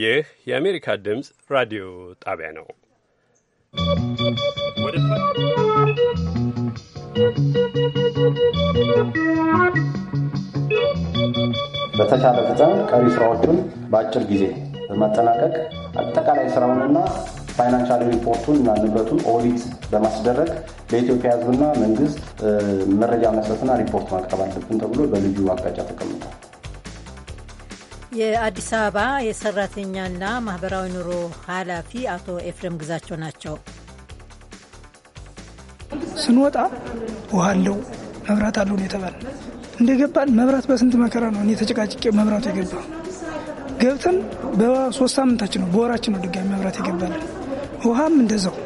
ይህ የአሜሪካ ድምፅ ራዲዮ ጣቢያ ነው። በተቻለ ፍጠን ቀሪ ስራዎቹን በአጭር ጊዜ በማጠናቀቅ አጠቃላይ ስራውንና ፋይናንሻል ሪፖርቱን እና ንብረቱን ኦዲት በማስደረግ ለኢትዮጵያ ሕዝብና መንግስት መረጃ መስጠትና ሪፖርት ማቅረብ አለብን ተብሎ በልዩ አቅጣጫ ተቀምጧል። የአዲስ አበባ የሰራተኛና ማህበራዊ ኑሮ ኃላፊ አቶ ኤፍሬም ግዛቸው ናቸው። ስንወጣ ውሃ አለው መብራት አለው የተባለ እንደገባን መብራት በስንት መከራ ነው እኔ ተጨቃጭቄ መብራቱ የገባ ገብተን በሶስት ሳምንታችን ነው በወራችን ነው ድጋሚ መብራት የገባለን። ውሃም እንደዛው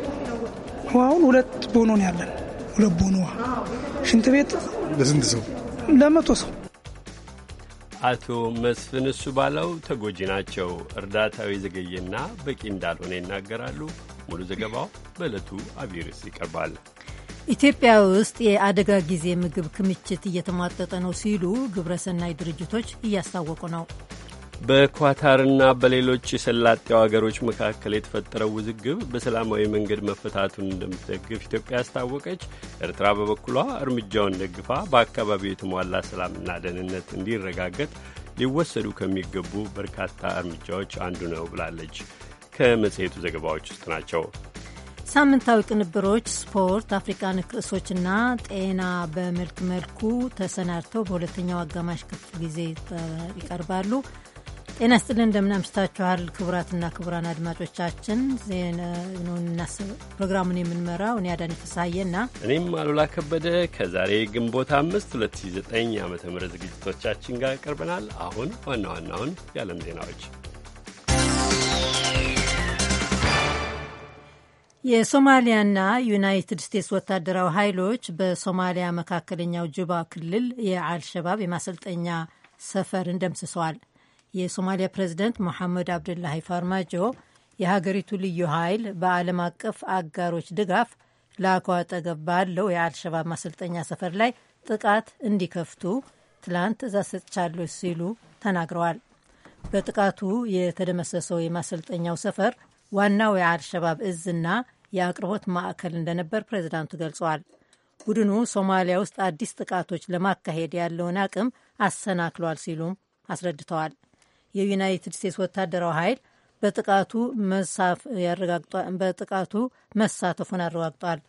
ውሃውን ሁለት ቦኖ ነው ያለን ሁለት ቦኖ ውሃ ሽንት ቤት ለስንት ሰው ለመቶ ሰው አቶ መስፍን እሱ ባለው ተጎጂ ናቸው። እርዳታው የዘገየና በቂ እንዳልሆነ ይናገራሉ። ሙሉ ዘገባው በዕለቱ አብይ ይቀርባል። ኢትዮጵያ ውስጥ የአደጋ ጊዜ ምግብ ክምችት እየተሟጠጠ ነው ሲሉ ግብረሰናይ ድርጅቶች እያስታወቁ ነው። በኳታርና በሌሎች የሰላጤው ሀገሮች መካከል የተፈጠረው ውዝግብ በሰላማዊ መንገድ መፈታቱን እንደምትደግፍ ኢትዮጵያ አስታወቀች። ኤርትራ በበኩሏ እርምጃውን ደግፋ በአካባቢው የተሟላ ሰላምና ደህንነት እንዲረጋገጥ ሊወሰዱ ከሚገቡ በርካታ እርምጃዎች አንዱ ነው ብላለች። ከመጽሔቱ ዘገባዎች ውስጥ ናቸው። ሳምንታዊ ቅንብሮች፣ ስፖርት፣ አፍሪካ ነክ ርዕሶችና ጤና በመልክ መልኩ ተሰናድተው በሁለተኛው አጋማሽ ክፍለ ጊዜ ይቀርባሉ። ጤና ስጥልን እንደምን አምሽታችኋል ክቡራትና ክቡራን አድማጮቻችን ዜና ፕሮግራሙን የምንመራው እኔ አዳኒ ፍስሀዬና እኔም አሉላ ከበደ ከዛሬ ግንቦት አምስት 2009 ዓ ም ዝግጅቶቻችን ጋር ቀርበናል አሁን ዋና ዋናውን የዓለም ዜናዎች የሶማሊያና ዩናይትድ ስቴትስ ወታደራዊ ኃይሎች በሶማሊያ መካከለኛው ጁባ ክልል የአልሸባብ የማሰልጠኛ ሰፈርን ደምስሰዋል የሶማሊያ ፕሬዚደንት ሞሐመድ አብዱላሂ ፋርማጆ የሀገሪቱ ልዩ ኃይል በዓለም አቀፍ አጋሮች ድጋፍ ላኮ አጠገብ ባለው የአልሸባብ ማሰልጠኛ ሰፈር ላይ ጥቃት እንዲከፍቱ ትላንት ትዕዛዝ ሰጥቻለሁ ሲሉ ተናግረዋል። በጥቃቱ የተደመሰሰው የማሰልጠኛው ሰፈር ዋናው የአልሸባብ እዝና የአቅርቦት ማዕከል እንደነበር ፕሬዚዳንቱ ገልጸዋል። ቡድኑ ሶማሊያ ውስጥ አዲስ ጥቃቶች ለማካሄድ ያለውን አቅም አሰናክሏል ሲሉም አስረድተዋል። የዩናይትድ ስቴትስ ወታደራዊ ኃይል በጥቃቱ መሳተፉን አረጋግጧል።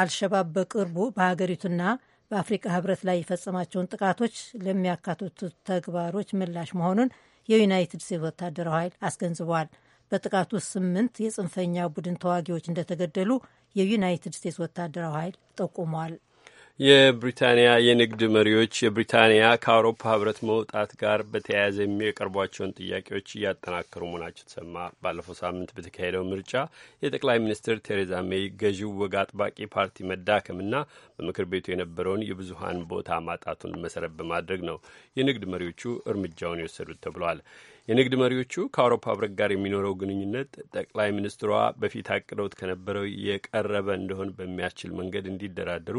አልሸባብ በቅርቡ በሀገሪቱና በአፍሪካ ህብረት ላይ የፈጸማቸውን ጥቃቶች ለሚያካትቱ ተግባሮች ምላሽ መሆኑን የዩናይትድ ስቴትስ ወታደራዊ ኃይል አስገንዝበዋል። በጥቃቱ ስምንት የጽንፈኛ ቡድን ተዋጊዎች እንደተገደሉ የዩናይትድ ስቴትስ ወታደራዊ ኃይል ጠቁሟል። የብሪታንያ የንግድ መሪዎች የብሪታንያ ከአውሮፓ ህብረት መውጣት ጋር በተያያዘ የሚያቀርቧቸውን ጥያቄዎች እያጠናከሩ መሆናቸው ተሰማ። ባለፈው ሳምንት በተካሄደው ምርጫ የጠቅላይ ሚኒስትር ቴሬዛ ሜይ ገዢው ወግ አጥባቂ ፓርቲ መዳከምና በምክር ቤቱ የነበረውን የብዙሀን ቦታ ማጣቱን መሰረት በማድረግ ነው የንግድ መሪዎቹ እርምጃውን የወሰዱት ተብሏል። የንግድ መሪዎቹ ከአውሮፓ ህብረት ጋር የሚኖረው ግንኙነት ጠቅላይ ሚኒስትሯ በፊት አቅደውት ከነበረው የቀረበ እንደሆን በሚያስችል መንገድ እንዲደራደሩ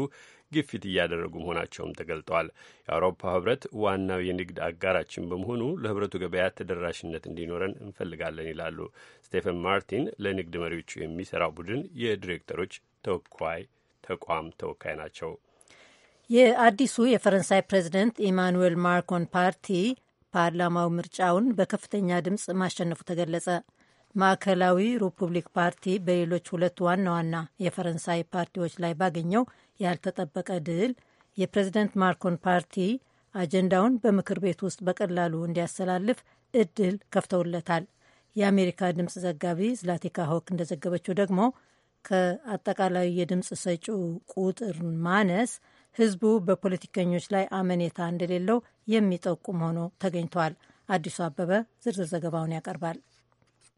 ግፊት እያደረጉ መሆናቸውም ተገልጠዋል። የአውሮፓ ህብረት ዋናው የንግድ አጋራችን በመሆኑ ለህብረቱ ገበያ ተደራሽነት እንዲኖረን እንፈልጋለን ይላሉ ስቴፈን ማርቲን ለንግድ መሪዎቹ የሚሰራው ቡድን የዲሬክተሮች ተወካይ ተቋም ተወካይ ናቸው። የአዲሱ የፈረንሳይ ፕሬዚደንት ኢማኑዌል ማክሮን ፓርቲ ፓርላማው ምርጫውን በከፍተኛ ድምፅ ማሸነፉ ተገለጸ። ማዕከላዊ ሪፑብሊክ ፓርቲ በሌሎች ሁለት ዋና ዋና የፈረንሳይ ፓርቲዎች ላይ ባገኘው ያልተጠበቀ ድል የፕሬዚደንት ማክሮን ፓርቲ አጀንዳውን በምክር ቤት ውስጥ በቀላሉ እንዲያስተላልፍ እድል ከፍተውለታል። የአሜሪካ ድምፅ ዘጋቢ ዝላቲካ ሆክ እንደዘገበችው ደግሞ ከአጠቃላዩ የድምፅ ሰጪው ቁጥር ማነስ ህዝቡ በፖለቲከኞች ላይ አመኔታ እንደሌለው የሚጠቁም ሆኖ ተገኝቷል። አዲሱ አበበ ዝርዝር ዘገባውን ያቀርባል።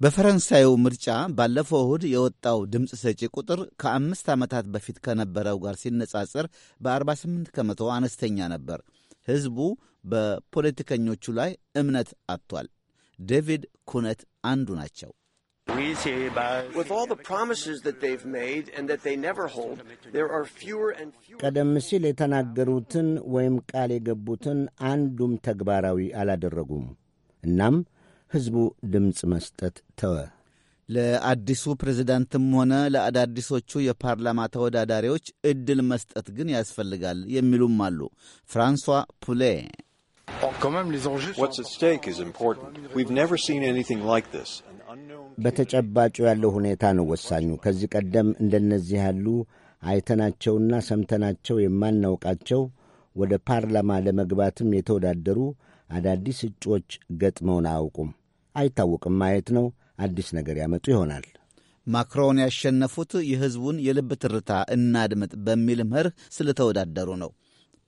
በፈረንሳዩ ምርጫ ባለፈው እሁድ የወጣው ድምፅ ሰጪ ቁጥር ከአምስት ዓመታት በፊት ከነበረው ጋር ሲነጻጸር በ48 ከመቶ አነስተኛ ነበር። ህዝቡ በፖለቲከኞቹ ላይ እምነት አጥቷል። ዴቪድ ኩነት አንዱ ናቸው። With all the promises that they've made and that they never hold, there are fewer and fewer. ቀደም ሲል የተናገሩትን ወይም ቃል የገቡትን አንዱም ተግባራዊ አላደረጉም። እናም ሕዝቡ ድምፅ መስጠት ተወ። ለአዲሱ ፕሬዝዳንትም ሆነ ለአዳዲሶቹ የፓርላማ ተወዳዳሪዎች እድል መስጠት ግን ያስፈልጋል የሚሉም አሉ። ፍራንሷ ፑሌ What's at stake is important. We've never seen anything like this, በተጨባጩ ያለው ሁኔታ ነው ወሳኙ። ከዚህ ቀደም እንደነዚህ ያሉ አይተናቸውና ሰምተናቸው የማናውቃቸው ወደ ፓርላማ ለመግባትም የተወዳደሩ አዳዲስ እጩዎች ገጥመውን አያውቁም። አይታወቅም። ማየት ነው። አዲስ ነገር ያመጡ ይሆናል። ማክሮን ያሸነፉት የሕዝቡን የልብ ትርታ እናድምጥ በሚል መርህ ስለተወዳደሩ ነው።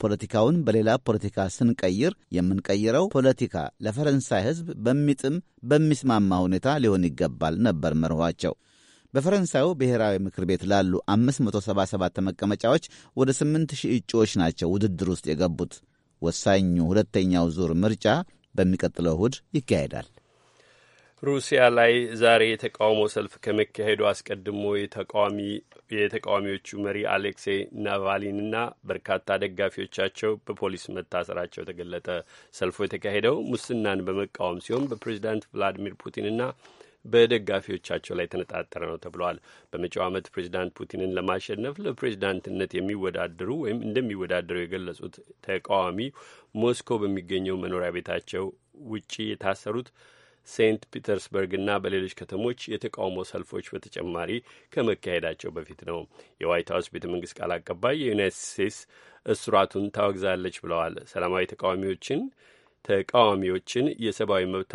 ፖለቲካውን በሌላ ፖለቲካ ስንቀይር የምንቀይረው ፖለቲካ ለፈረንሳይ ሕዝብ በሚጥም በሚስማማ ሁኔታ ሊሆን ይገባል ነበር መርኋቸው። በፈረንሳዩ ብሔራዊ ምክር ቤት ላሉ 577 መቀመጫዎች ወደ 8000 እጩዎች ናቸው ውድድር ውስጥ የገቡት። ወሳኙ ሁለተኛው ዙር ምርጫ በሚቀጥለው እሁድ ይካሄዳል። ሩሲያ ላይ ዛሬ የተቃውሞ ሰልፍ ከመካሄዱ አስቀድሞ የተቃዋሚ የተቃዋሚዎቹ መሪ አሌክሴይ ናቫሊንና በርካታ ደጋፊዎቻቸው በፖሊስ መታሰራቸው ተገለጠ። ሰልፎ የተካሄደው ሙስናን በመቃወም ሲሆን በፕሬዚዳንት ቭላዲሚር ፑቲንና በደጋፊዎቻቸው ላይ ተነጣጠረ ነው ተብሏል። በመጪው ዓመት ፕሬዚዳንት ፑቲንን ለማሸነፍ ለፕሬዚዳንትነት የሚወዳደሩ ወይም እንደሚወዳደሩ የገለጹት ተቃዋሚ ሞስኮ በሚገኘው መኖሪያ ቤታቸው ውጪ የታሰሩት ሴንት ፒተርስበርግ እና በሌሎች ከተሞች የተቃውሞ ሰልፎች በተጨማሪ ከመካሄዳቸው በፊት ነው። የዋይት ሀውስ ቤተ መንግስት ቃል አቀባይ የዩናይትድ ስቴትስ እስራቱን ታወግዛለች ብለዋል። ሰላማዊ ተቃዋሚዎችን ተቃዋሚዎችን የሰብአዊ መብት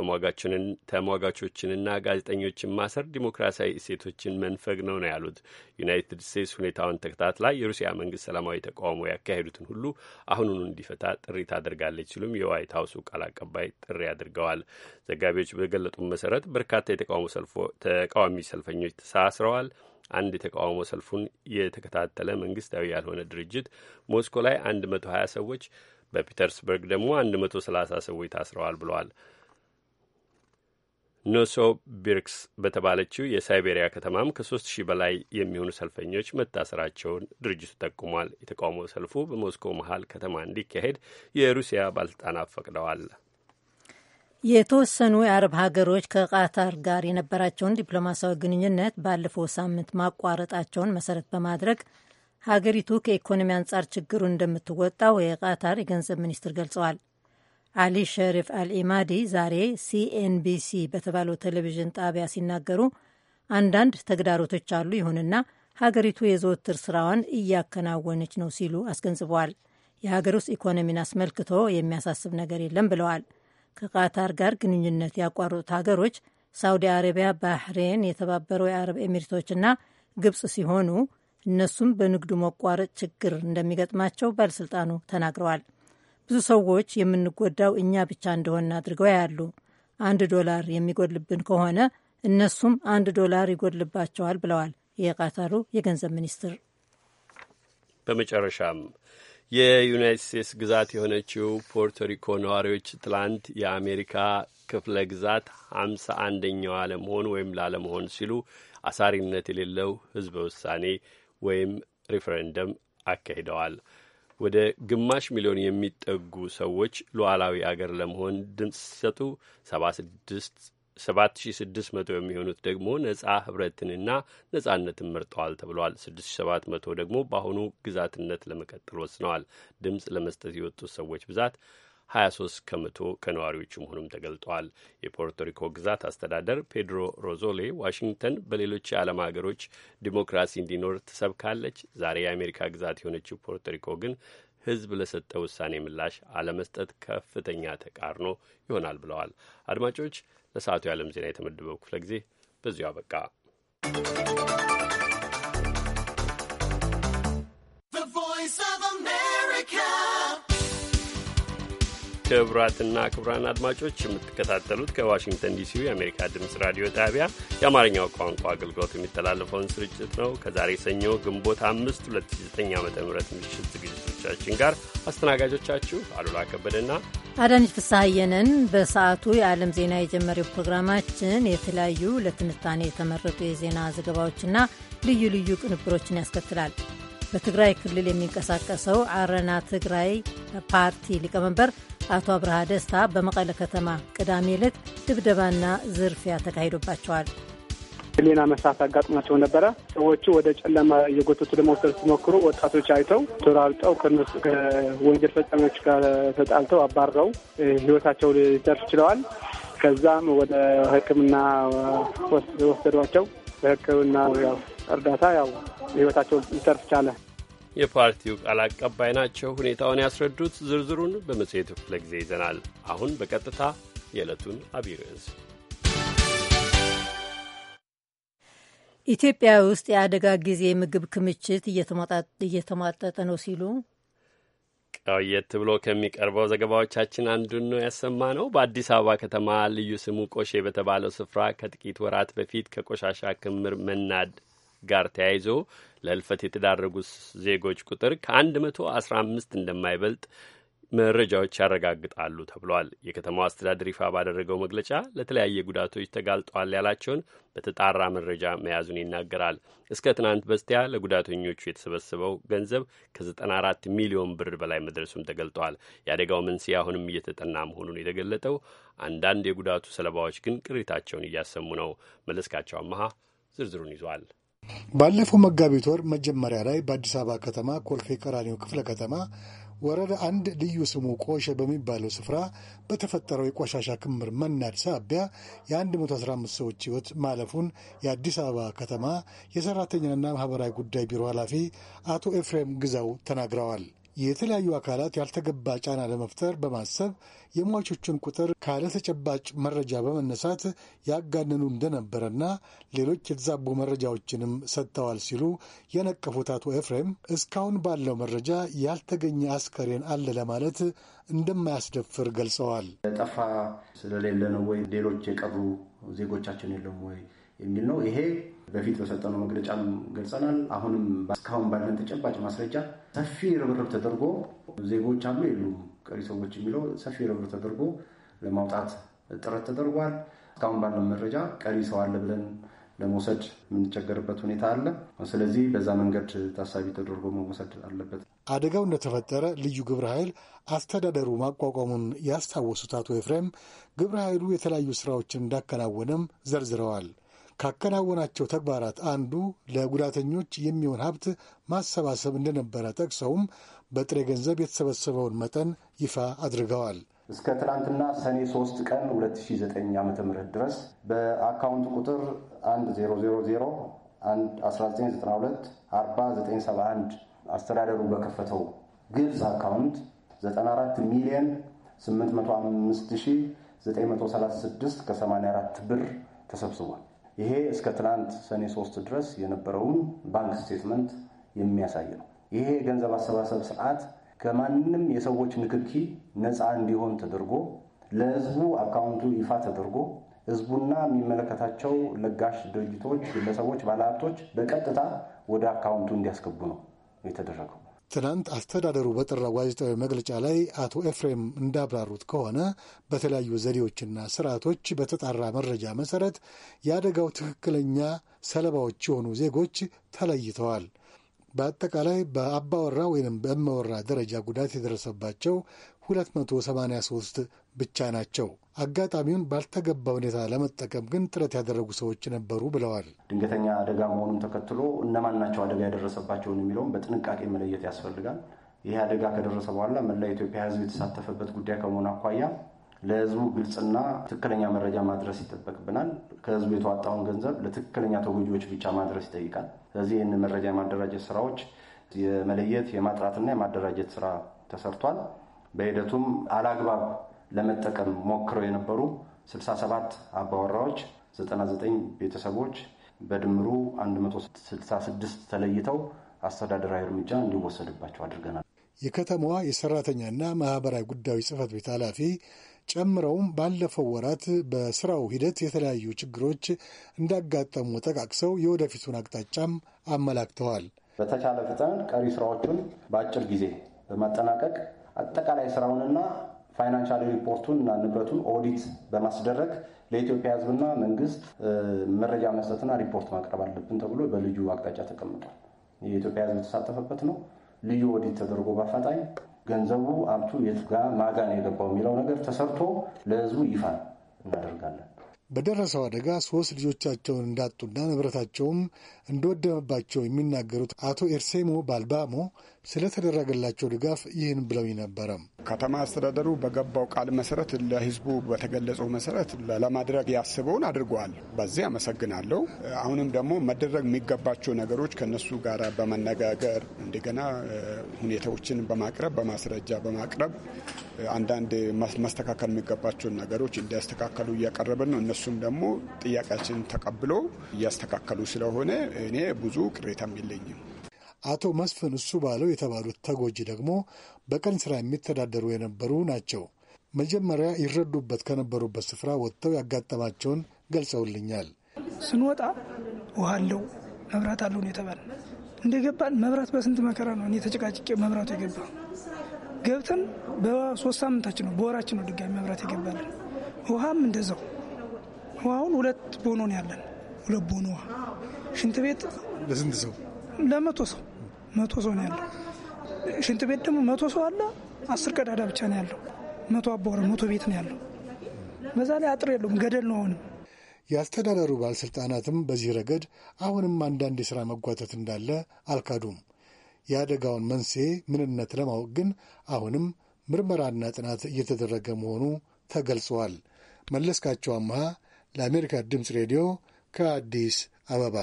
ተሟጋቾችንና ጋዜጠኞችን ማሰር ዲሞክራሲያዊ እሴቶችን መንፈግ ነው ነው ያሉት። ዩናይትድ ስቴትስ ሁኔታውን ተከታትላ የሩሲያ መንግስት ሰላማዊ ተቃውሞ ያካሄዱትን ሁሉ አሁኑኑ እንዲፈታ ጥሪ ታደርጋለች ሲሉም የዋይት ሀውሱ ቃል አቀባይ ጥሪ አድርገዋል። ዘጋቢዎች በገለጡ መሰረት በርካታ የተቃውሞ ተቃዋሚ ሰልፈኞች ተሳስረዋል። አንድ የተቃውሞ ሰልፉን የተከታተለ መንግስታዊ ያልሆነ ድርጅት ሞስኮ ላይ 120 ሰዎች በፒተርስበርግ ደግሞ 130 ሰዎች ታስረዋል ብለዋል። ኖሶ ቢርክስ በተባለችው የሳይቤሪያ ከተማም ከሶስት ሺህ በላይ የሚሆኑ ሰልፈኞች መታሰራቸውን ድርጅቱ ጠቁሟል። የተቃውሞ ሰልፉ በሞስኮ መሀል ከተማ እንዲካሄድ የሩሲያ ባለስልጣናት ፈቅደዋል። የተወሰኑ የአረብ ሀገሮች ከቃታር ጋር የነበራቸውን ዲፕሎማሲያዊ ግንኙነት ባለፈው ሳምንት ማቋረጣቸውን መሰረት በማድረግ ሀገሪቱ ከኢኮኖሚ አንጻር ችግሩን እንደምትወጣው የቃታር የገንዘብ ሚኒስትር ገልጸዋል። አሊ ሸሪፍ አልኢማዲ ዛሬ ሲኤንቢሲ በተባለው ቴሌቪዥን ጣቢያ ሲናገሩ አንዳንድ ተግዳሮቶች አሉ፣ ይሁንና ሀገሪቱ የዘወትር ስራዋን እያከናወነች ነው ሲሉ አስገንዝበዋል። የሀገር ውስጥ ኢኮኖሚን አስመልክቶ የሚያሳስብ ነገር የለም ብለዋል። ከቃታር ጋር ግንኙነት ያቋረጡት ሀገሮች ሳውዲ አረቢያ፣ ባህሬን፣ የተባበረው የአረብ ኤሚሬቶችና ግብጽ ሲሆኑ እነሱም በንግዱ መቋረጥ ችግር እንደሚገጥማቸው ባለሥልጣኑ ተናግረዋል። ብዙ ሰዎች የምንጎዳው እኛ ብቻ እንደሆነ አድርገው ያሉ አንድ ዶላር የሚጎድልብን ከሆነ እነሱም አንድ ዶላር ይጎድልባቸዋል ብለዋል የቃታሩ የገንዘብ ሚኒስትር። በመጨረሻም የዩናይት ስቴትስ ግዛት የሆነችው ፖርቶሪኮ ነዋሪዎች ትላንት የአሜሪካ ክፍለ ግዛት ሀምሳ አንደኛዋ ለመሆን ወይም ላለመሆን ሲሉ አሳሪነት የሌለው ህዝበ ውሳኔ ወይም ሪፈረንደም አካሂደዋል። ወደ ግማሽ ሚሊዮን የሚጠጉ ሰዎች ሉዓላዊ አገር ለመሆን ድምፅ ሲሰጡ 7600 የሚሆኑት ደግሞ ነጻ ህብረትንና ነጻነትን መርጠዋል ተብሏል። 6700 ደግሞ በአሁኑ ግዛትነት ለመቀጠል ወስነዋል። ድምፅ ለመስጠት የወጡት ሰዎች ብዛት 23 ከመቶ ከነዋሪዎቹ መሆኑም ተገልጧል። የፖርቶሪኮ ግዛት አስተዳደር ፔድሮ ሮዞሌ ዋሽንግተን በሌሎች የዓለም ሀገሮች ዲሞክራሲ እንዲኖር ትሰብካለች፣ ዛሬ የአሜሪካ ግዛት የሆነችው ፖርቶሪኮ ግን ህዝብ ለሰጠ ውሳኔ ምላሽ አለመስጠት ከፍተኛ ተቃርኖ ይሆናል ብለዋል። አድማጮች፣ ለሰዓቱ የዓለም ዜና የተመደበው ክፍለ ጊዜ በዚሁ አበቃ። ክቡራትና ክቡራን አድማጮች የምትከታተሉት ከዋሽንግተን ዲሲ የአሜሪካ ድምፅ ራዲዮ ጣቢያ የአማርኛው ቋንቋ አገልግሎት የሚተላለፈውን ስርጭት ነው። ከዛሬ ሰኞ ግንቦት አምስት 2009 ዓ ም ምሽት ዝግጅቶቻችን ጋር አስተናጋጆቻችሁ አሉላ ከበደና አዳነች ፍስሐየንን። በሰዓቱ የዓለም ዜና የጀመሪው ፕሮግራማችን የተለያዩ ለትንታኔ የተመረጡ የዜና ዘገባዎችና ልዩ ልዩ ቅንብሮችን ያስከትላል። በትግራይ ክልል የሚንቀሳቀሰው አረና ትግራይ ፓርቲ ሊቀመንበር አቶ አብርሃ ደስታ በመቀለ ከተማ ቅዳሜ ዕለት ድብደባና ዝርፊያ ተካሂዶባቸዋል። ሌላ መሳት አጋጥሟቸው ነበረ። ሰዎቹ ወደ ጨለማ እየጎተቱ ለመውሰድ ሲሞክሩ ወጣቶች አይተው ተራርጠው ከወንጀል ፈጻሚዎች ጋር ተጣልተው አባረው ህይወታቸው ሊተርፍ ችለዋል። ከዛም ወደ ሕክምና ወሰዷቸው። በሕክምና እርዳታ ያው ህይወታቸው ሊተርፍ ቻለ። የፓርቲው ቃል አቀባይ ናቸው ሁኔታውን ያስረዱት። ዝርዝሩን በመጽሔቱ ክፍለ ጊዜ ይዘናል። አሁን በቀጥታ የዕለቱን አብይ ርዕስ ኢትዮጵያ ውስጥ የአደጋ ጊዜ ምግብ ክምችት እየተሟጠጠ ነው ሲሉ ቆየት ብሎ ከሚቀርበው ዘገባዎቻችን አንዱን ነው ያሰማ ነው። በአዲስ አበባ ከተማ ልዩ ስሙ ቆሼ በተባለው ስፍራ ከጥቂት ወራት በፊት ከቆሻሻ ክምር መናድ ጋር ተያይዞ ለህልፈት የተዳረጉት ዜጎች ቁጥር ከ115 እንደማይበልጥ መረጃዎች ያረጋግጣሉ ተብሏል። የከተማው አስተዳደር ይፋ ባደረገው መግለጫ ለተለያየ ጉዳቶች ተጋልጧል ያላቸውን በተጣራ መረጃ መያዙን ይናገራል። እስከ ትናንት በስቲያ ለጉዳተኞቹ የተሰበሰበው ገንዘብ ከ94 ሚሊዮን ብር በላይ መድረሱም ተገልጧል። የአደጋው መንስኤ አሁንም እየተጠና መሆኑን የተገለጠው፣ አንዳንድ የጉዳቱ ሰለባዎች ግን ቅሬታቸውን እያሰሙ ነው። መለስካቸው አመሃ ዝርዝሩን ይዟል። ባለፈው መጋቢት ወር መጀመሪያ ላይ በአዲስ አበባ ከተማ ኮልፌ ቀራኒው ክፍለ ከተማ ወረዳ አንድ ልዩ ስሙ ቆሸ በሚባለው ስፍራ በተፈጠረው የቆሻሻ ክምር መናድ ሳቢያ የ115 ሰዎች ሕይወት ማለፉን የአዲስ አበባ ከተማ የሰራተኛና ማህበራዊ ጉዳይ ቢሮ ኃላፊ አቶ ኤፍሬም ግዛው ተናግረዋል። የተለያዩ አካላት ያልተገባ ጫና ለመፍጠር በማሰብ የሟቾቹን ቁጥር ካለተጨባጭ መረጃ በመነሳት ያጋንኑ እንደነበረና ሌሎች የተዛቡ መረጃዎችንም ሰጥተዋል ሲሉ የነቀፉት አቶ ኤፍሬም እስካሁን ባለው መረጃ ያልተገኘ አስከሬን አለ ለማለት እንደማያስደፍር ገልጸዋል። ጠፋ ስለሌለ ነው ወይ ሌሎች የቀሩ ዜጎቻችን የለም ወይ የሚል ነው። ይሄ በፊት በሰጠነው መግለጫም ገልጸናል። አሁንም እስካሁን ባለን ተጨባጭ ማስረጃ ሰፊ ርብርብ ተደርጎ ዜጎች አሉ የሉም ቀሪ ሰዎች የሚለው ሰፊ ርብርብ ተደርጎ ለማውጣት ጥረት ተደርጓል። እስካሁን ባለን መረጃ ቀሪ ሰው አለ ብለን ለመውሰድ የምንቸገርበት ሁኔታ አለ። ስለዚህ በዛ መንገድ ታሳቢ ተደርጎ መወሰድ አለበት። አደጋው እንደተፈጠረ ልዩ ግብረ ኃይል አስተዳደሩ ማቋቋሙን ያስታወሱት አቶ ኤፍሬም ግብረ ኃይሉ የተለያዩ ስራዎችን እንዳከናወነም ዘርዝረዋል። ካከናወናቸው ተግባራት አንዱ ለጉዳተኞች የሚሆን ሀብት ማሰባሰብ እንደነበረ ጠቅሰውም በጥሬ ገንዘብ የተሰበሰበውን መጠን ይፋ አድርገዋል። እስከ ትናንትና ሰኔ 3 ቀን 2009 ዓ ም ድረስ በአካውንት ቁጥር 100019924971 አስተዳደሩ በከፈተው ግብፅ አካውንት 94 ሚሊዮን 85936 ከ84 ብር ተሰብስቧል። ይሄ እስከ ትናንት ሰኔ ሶስት ድረስ የነበረውን ባንክ ስቴትመንት የሚያሳይ ነው። ይሄ የገንዘብ አሰባሰብ ስርዓት ከማንም የሰዎች ንክኪ ነፃ እንዲሆን ተደርጎ ለህዝቡ አካውንቱ ይፋ ተደርጎ ህዝቡና የሚመለከታቸው ለጋሽ ድርጅቶች፣ ግለሰቦች፣ ባለሀብቶች በቀጥታ ወደ አካውንቱ እንዲያስገቡ ነው የተደረገው። ትናንት አስተዳደሩ በጠራው ጋዜጣዊ መግለጫ ላይ አቶ ኤፍሬም እንዳብራሩት ከሆነ በተለያዩ ዘዴዎችና ስርዓቶች በተጣራ መረጃ መሰረት የአደጋው ትክክለኛ ሰለባዎች የሆኑ ዜጎች ተለይተዋል። በአጠቃላይ በአባወራ ወይም በእመወራ ደረጃ ጉዳት የደረሰባቸው 283 ብቻ ናቸው። አጋጣሚውን ባልተገባ ሁኔታ ለመጠቀም ግን ጥረት ያደረጉ ሰዎች ነበሩ ብለዋል። ድንገተኛ አደጋ መሆኑን ተከትሎ እነማን ናቸው አደጋ የደረሰባቸውን የሚለውን በጥንቃቄ መለየት ያስፈልጋል። ይህ አደጋ ከደረሰ በኋላ መላ ኢትዮጵያ ሕዝብ የተሳተፈበት ጉዳይ ከመሆኑ አኳያ ለሕዝቡ ግልጽና ትክክለኛ መረጃ ማድረስ ይጠበቅብናል። ከሕዝቡ የተዋጣውን ገንዘብ ለትክክለኛ ተጎጂዎች ብቻ ማድረስ ይጠይቃል። ስለዚህ ይህን መረጃ የማደራጀት ስራዎች የመለየት የማጥራትና የማደራጀት ስራ ተሰርቷል። በሂደቱም አላግባብ ለመጠቀም ሞክረው የነበሩ 67 አባወራዎች፣ 99 ቤተሰቦች በድምሩ 166 ተለይተው አስተዳደራዊ እርምጃ እንዲወሰድባቸው አድርገናል። የከተማዋ የሰራተኛና ማህበራዊ ጉዳዮች ጽህፈት ቤት ኃላፊ ጨምረውም ባለፈው ወራት በስራው ሂደት የተለያዩ ችግሮች እንዳጋጠሙ ጠቃቅሰው የወደፊቱን አቅጣጫም አመላክተዋል። በተቻለ ፍጥነት ቀሪ ስራዎቹን በአጭር ጊዜ በማጠናቀቅ አጠቃላይ ስራውንና ፋይናንሻል ሪፖርቱን እና ንብረቱን ኦዲት በማስደረግ ለኢትዮጵያ ሕዝብና መንግስት መረጃ መስጠትና ሪፖርት ማቅረብ አለብን ተብሎ በልዩ አቅጣጫ ተቀምጧል። የኢትዮጵያ ሕዝብ የተሳተፈበት ነው። ልዩ ኦዲት ተደርጎ በአፋጣኝ ገንዘቡ ሀብቱ የት ጋ ማጋን የገባው የሚለው ነገር ተሰርቶ ለሕዝቡ ይፋ እናደርጋለን። በደረሰው አደጋ ሶስት ልጆቻቸውን እንዳጡና ንብረታቸውም እንደወደመባቸው የሚናገሩት አቶ ኤርሴሞ ባልባሞ ስለተደረገላቸው ድጋፍ ይህን ብለው ነበረ። ከተማ አስተዳደሩ በገባው ቃል መሰረት ለህዝቡ በተገለጸው መሰረት ለማድረግ ያስበውን አድርገዋል። በዚህ አመሰግናለሁ። አሁንም ደግሞ መደረግ የሚገባቸው ነገሮች ከነሱ ጋር በመነጋገር እንደገና ሁኔታዎችን በማቅረብ በማስረጃ በማቅረብ አንዳንድ መስተካከል የሚገባቸውን ነገሮች እንዲያስተካከሉ እያቀረብን ነው። እነሱም ደግሞ ጥያቄያችን ተቀብሎ እያስተካከሉ ስለሆነ እኔ ብዙ ቅሬታም የለኝም። አቶ መስፍን እሱ ባለው የተባሉት ተጎጂ ደግሞ በቀን ስራ የሚተዳደሩ የነበሩ ናቸው። መጀመሪያ ይረዱበት ከነበሩበት ስፍራ ወጥተው ያጋጠማቸውን ገልጸውልኛል። ስንወጣ ውሃ አለው መብራት አለው ነው የተባለ። እንደገባን መብራት በስንት መከራ ነው እኔ ተጨቃጭቄ መብራቱ የገባ ገብተን በሶስት ሳምንታችን ነው በወራችን ነው ድጋሚ መብራት የገባለን። ውሃም እንደዛው ውሃውን ሁለት ቦኖ ነው ያለን፣ ሁለት ቦኖ ውሃ ሽንት ቤት ለስንት ሰው ለመቶ ሰው መቶ ሰው ነው ያለው። ሽንት ቤት ደግሞ መቶ ሰው አለ። አስር ቀዳዳ ብቻ ነው ያለው። መቶ አባወራ መቶ ቤት ነው ያለው። በዛ ላይ አጥር የለውም፣ ገደል ነው አሁንም። የአስተዳደሩ ባለሥልጣናትም በዚህ ረገድ አሁንም አንዳንድ የሥራ መጓተት እንዳለ አልካዱም። የአደጋውን መንስኤ ምንነት ለማወቅ ግን አሁንም ምርመራና ጥናት እየተደረገ መሆኑ ተገልጸዋል። መለስካቸው አምሃ ለአሜሪካ ድምፅ ሬዲዮ ከአዲስ አበባ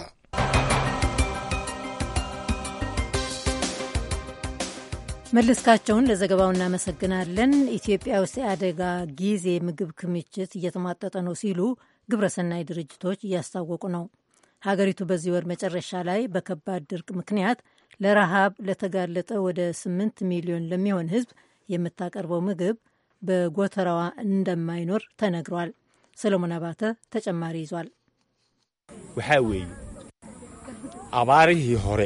መለስካቸውን ለዘገባው እናመሰግናለን። ኢትዮጵያ ውስጥ የአደጋ ጊዜ ምግብ ክምችት እየተሟጠጠ ነው ሲሉ ግብረሰናይ ድርጅቶች እያስታወቁ ነው። ሀገሪቱ በዚህ ወር መጨረሻ ላይ በከባድ ድርቅ ምክንያት ለረሃብ ለተጋለጠ ወደ 8 ሚሊዮን ለሚሆን ሕዝብ የምታቀርበው ምግብ በጎተራዋ እንደማይኖር ተነግሯል። ሰለሞን አባተ ተጨማሪ ይዟል። waxaa weeye አባሪ ሆሬ